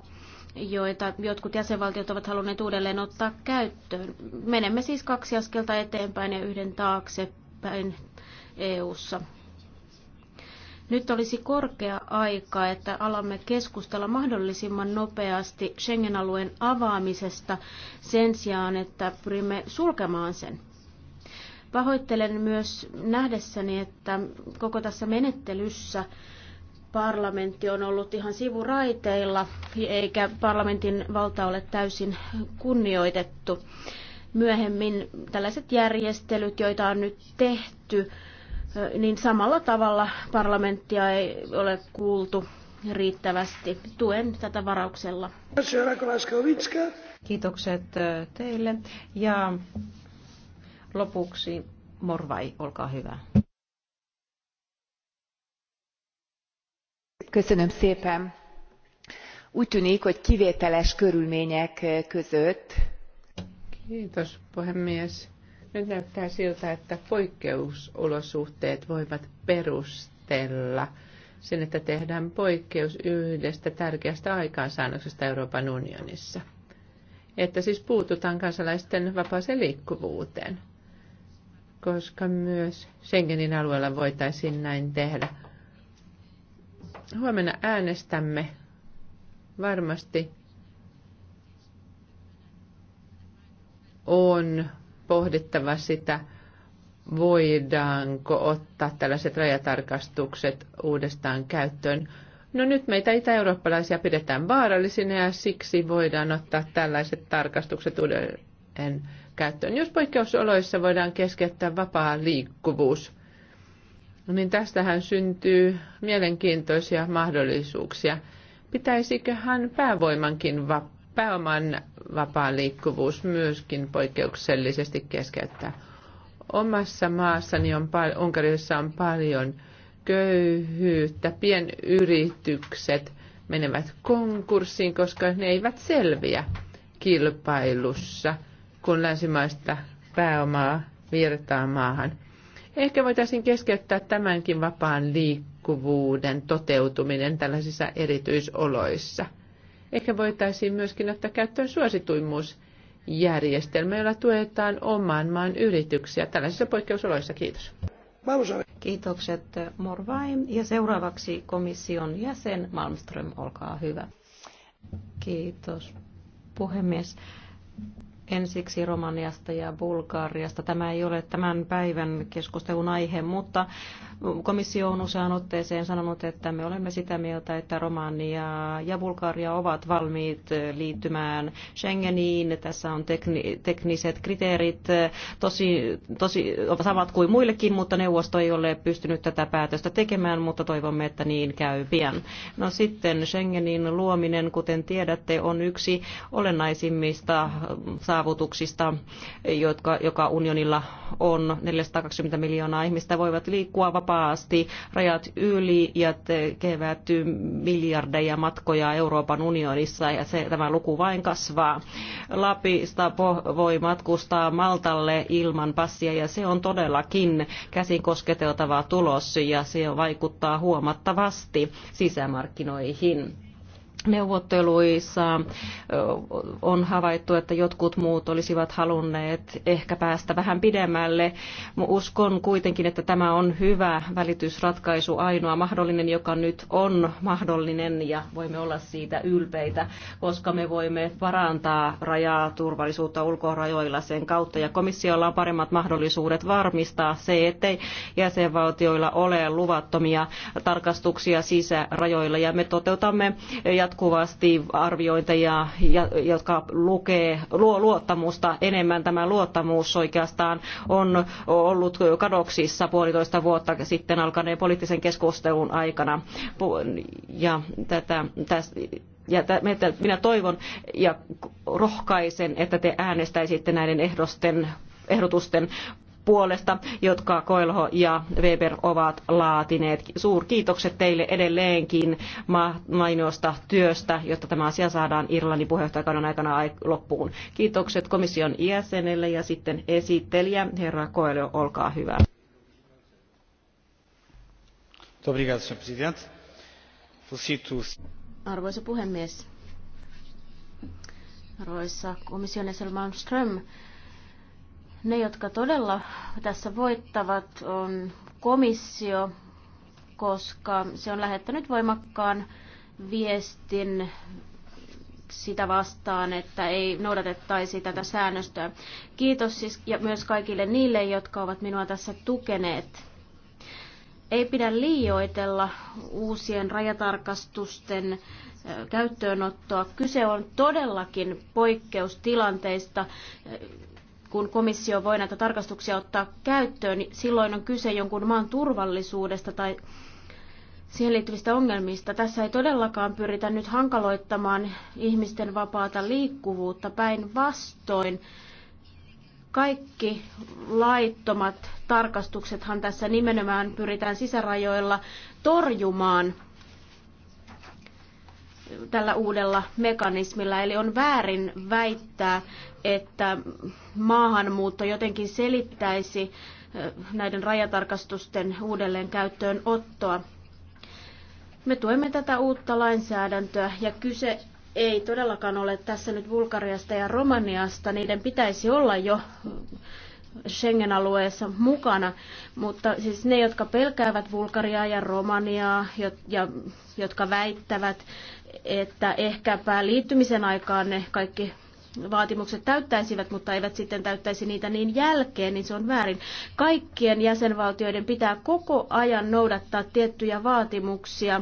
Speaker 6: joita jotkut jäsenvaltiot ovat halunneet uudelleen ottaa käyttöön. Menemme siis kaksi askelta eteenpäin ja yhden taaksepäin EU:ssa. Nyt olisi korkea aika, että alamme keskustella mahdollisimman nopeasti Schengen-alueen avaamisesta sen sijaan, että pyrimme sulkemaan sen. Pahoittelen myös nähdessäni, että koko tässä menettelyssä parlamentti on ollut ihan sivuraiteilla, eikä parlamentin valta ole täysin kunnioitettu. Myöhemmin tällaiset järjestelyt, joita on nyt tehty, niin samalla tavalla parlamenttia ei ole kuultu riittävästi. Tuen tätä varauksella.
Speaker 5: Kiitokset äh, teille. Ja lopuksi Morvai, olkaa hyvä.
Speaker 1: Köszönöm szépen. Úgy tűnik, hogy kivételes körülmények eh,
Speaker 3: között. Kiitos, puhemies. Nyt näyttää siltä, että poikkeusolosuhteet voivat perustella sen, että tehdään poikkeus yhdestä tärkeästä aikaansaannoksesta Euroopan unionissa. Että siis puututaan kansalaisten vapaaseen liikkuvuuteen koska myös Schengenin alueella voitaisiin näin tehdä. Huomenna äänestämme varmasti on pohdittava sitä, voidaanko ottaa tällaiset rajatarkastukset uudestaan käyttöön. No nyt meitä itä-eurooppalaisia pidetään vaarallisina ja siksi voidaan ottaa tällaiset tarkastukset uudelleen käyttöön. Jos poikkeusoloissa voidaan keskeyttää vapaa liikkuvuus, niin tästähän syntyy mielenkiintoisia mahdollisuuksia. Pitäisiköhän päävoimankin va- pääoman vapaa liikkuvuus myöskin poikkeuksellisesti keskeyttää? Omassa maassani on pal- Unkarissa on paljon köyhyyttä, pienyritykset menevät konkurssiin, koska ne eivät selviä kilpailussa – kun länsimaista pääomaa virtaa maahan. Ehkä voitaisiin keskeyttää tämänkin vapaan liikkuvuuden toteutuminen tällaisissa erityisoloissa. Ehkä voitaisiin myöskin ottaa käyttöön suosituimmuusjärjestelmä, jolla tuetaan oman maan yrityksiä tällaisissa poikkeusoloissa.
Speaker 5: Kiitos. Kiitokset Morvaim Ja seuraavaksi komission jäsen Malmström, olkaa hyvä. Kiitos puhemies ensiksi Romaniasta ja Bulgariasta. Tämä ei ole tämän päivän keskustelun aihe, mutta Komissio on useaan otteeseen sanonut, että me olemme sitä mieltä, että Romania ja Bulgaria ovat valmiit eh, liittymään Schengeniin. Tässä on tekni, tekniset kriteerit tosi, tosi samat kuin muillekin, mutta neuvosto ei ole pystynyt tätä päätöstä tekemään, mutta toivomme, että niin käy pian. No sitten Schengenin luominen, kuten tiedätte, on yksi olennaisimmista saavutuksista, jotka, joka unionilla on. 420 miljoonaa ihmistä voivat liikkua vapaasti vapaasti rajat yli ja tekevät miljardeja matkoja Euroopan unionissa ja se, tämä luku vain kasvaa. Lapista voi matkustaa Maltalle ilman passia ja se on todellakin käsin kosketeltava tulos ja se vaikuttaa huomattavasti sisämarkkinoihin neuvotteluissa on havaittu, että jotkut muut olisivat halunneet ehkä päästä vähän pidemmälle. Uskon kuitenkin, että tämä on hyvä välitysratkaisu, ainoa mahdollinen, joka nyt on mahdollinen ja voimme olla siitä ylpeitä, koska me voimme parantaa rajaa turvallisuutta ulkorajoilla sen kautta ja komissiolla on paremmat mahdollisuudet varmistaa se, ettei jäsenvaltioilla ole luvattomia tarkastuksia sisärajoilla ja me toteutamme jatkuvasti jatkuvasti arviointeja, jotka lukee, luo luottamusta enemmän. Tämä luottamus oikeastaan on ollut kadoksissa puolitoista vuotta sitten alkaneen poliittisen keskustelun aikana. Ja tätä, tästä, ja minä toivon ja rohkaisen, että te äänestäisitte näiden ehdosten ehdotusten puolesta, jotka Koelho ja Weber ovat laatineet. Suurkiitokset teille edelleenkin mainiosta työstä, jotta tämä asia saadaan Irlannin puheenjohtajakauden aikana loppuun. Kiitokset komission jäsenelle ja sitten esittelijä, herra Koelho, olkaa hyvä.
Speaker 6: Arvoisa puhemies, arvoisa komission jäsen Malmström, ne, jotka todella tässä voittavat, on komissio, koska se on lähettänyt voimakkaan viestin sitä vastaan, että ei noudatettaisi tätä säännöstöä. Kiitos siis ja myös kaikille niille, jotka ovat minua tässä tukeneet. Ei pidä liioitella uusien rajatarkastusten käyttöönottoa. Kyse on todellakin poikkeustilanteista, kun komissio voi näitä tarkastuksia ottaa käyttöön, niin silloin on kyse jonkun maan turvallisuudesta tai siihen liittyvistä ongelmista. Tässä ei todellakaan pyritä nyt hankaloittamaan ihmisten vapaata liikkuvuutta päinvastoin. Kaikki laittomat tarkastuksethan tässä nimenomaan pyritään sisärajoilla torjumaan – tällä uudella mekanismilla. Eli on väärin väittää, että maahanmuutto jotenkin selittäisi näiden rajatarkastusten uudelleen käyttöön ottoa. Me tuemme tätä uutta lainsäädäntöä ja kyse ei todellakaan ole tässä nyt Bulgariasta ja Romaniasta. Niiden pitäisi olla jo Schengen-alueessa mukana, mutta siis ne, jotka pelkäävät Bulgariaa ja Romaniaa ja jotka väittävät, että ehkäpä liittymisen aikaan ne kaikki vaatimukset täyttäisivät, mutta eivät sitten täyttäisi niitä niin jälkeen, niin se on väärin. Kaikkien jäsenvaltioiden pitää koko ajan noudattaa tiettyjä vaatimuksia,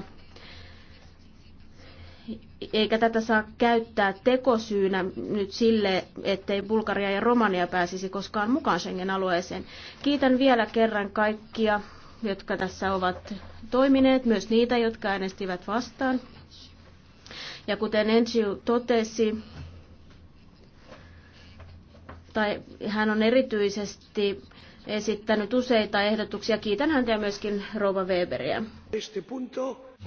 Speaker 6: eikä tätä saa käyttää tekosyynä nyt sille, ettei Bulgaria ja Romania pääsisi koskaan mukaan Schengen-alueeseen. Kiitän vielä kerran kaikkia, jotka tässä ovat toimineet, myös niitä, jotka äänestivät vastaan. Ja kuten Ensiu totesi, tai hän on erityisesti esittänyt useita ehdotuksia. Kiitän häntä ja myöskin Rouva Weberiä.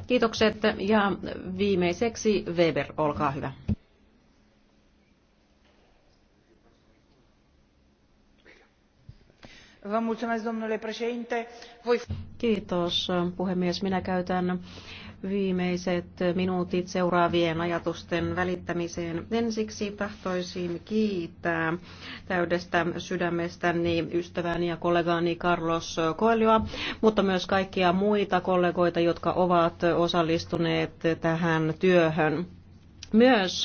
Speaker 6: Kiitokset
Speaker 5: ja viimeiseksi Weber, olkaa hyvä. Kiitos puhemies. Minä käytän viimeiset minuutit seuraavien ajatusten välittämiseen. Ensiksi tahtoisin kiittää täydestä sydämestäni ystäväni ja kollegaani Carlos Coelhoa, mutta myös kaikkia muita kollegoita, jotka ovat osallistuneet tähän työhön. Myös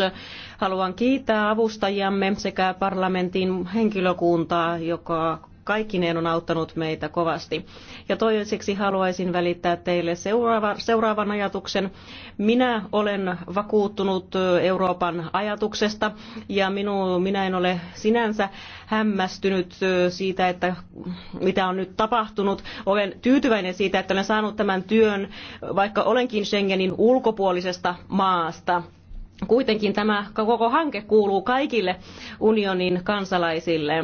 Speaker 5: haluan kiittää avustajamme sekä parlamentin henkilökuntaa, joka kaikkineen on auttanut meitä kovasti. Ja toiseksi haluaisin välittää teille seuraava, seuraavan ajatuksen. Minä olen vakuuttunut Euroopan ajatuksesta ja minu, minä en ole sinänsä hämmästynyt siitä, että mitä on nyt tapahtunut. Olen tyytyväinen siitä, että olen saanut tämän työn, vaikka olenkin Schengenin ulkopuolisesta maasta. Kuitenkin tämä koko hanke kuuluu kaikille unionin kansalaisille.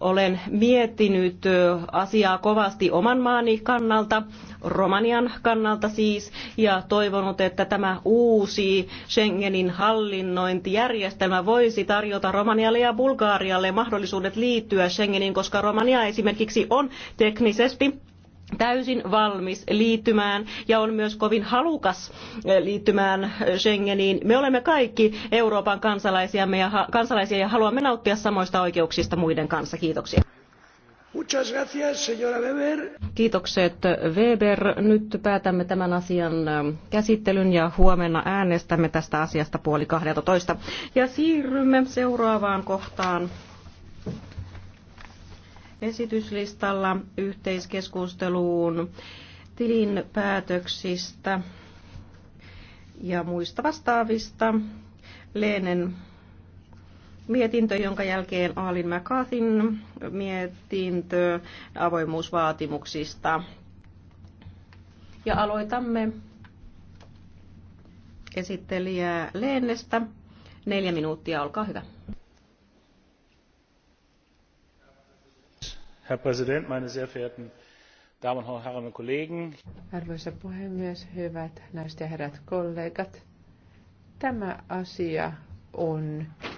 Speaker 5: Olen miettinyt asiaa kovasti oman maani kannalta, Romanian kannalta siis, ja toivonut, että tämä uusi Schengenin hallinnointijärjestelmä voisi tarjota Romanialle ja Bulgaarialle mahdollisuudet liittyä Schengeniin, koska Romania esimerkiksi on teknisesti täysin valmis liittymään ja on myös kovin halukas eh, liittymään eh, Schengeniin. Me olemme kaikki Euroopan kansalaisia ja, kansalaisia ja haluamme nauttia samoista oikeuksista muiden kanssa. Kiitoksia. Kiitokset eh, Weber. Nyt päätämme tämän asian käsittelyn ja huomenna äänestämme tästä asiasta puoli 12. Ja siirrymme seuraavaan kohtaan esityslistalla yhteiskeskusteluun tilinpäätöksistä ja muista vastaavista. Leenen mietintö, jonka jälkeen Aalin McCarthyn mietintö avoimuusvaatimuksista. Ja aloitamme esittelijää Leenestä. Neljä minuuttia, olkaa hyvä.
Speaker 4: herr präsident meine sehr verehrten damen und herren kollegen!
Speaker 3: arvoisa puhemies hyvät naiset ja herrat kollegat tämä asia on tärkeä.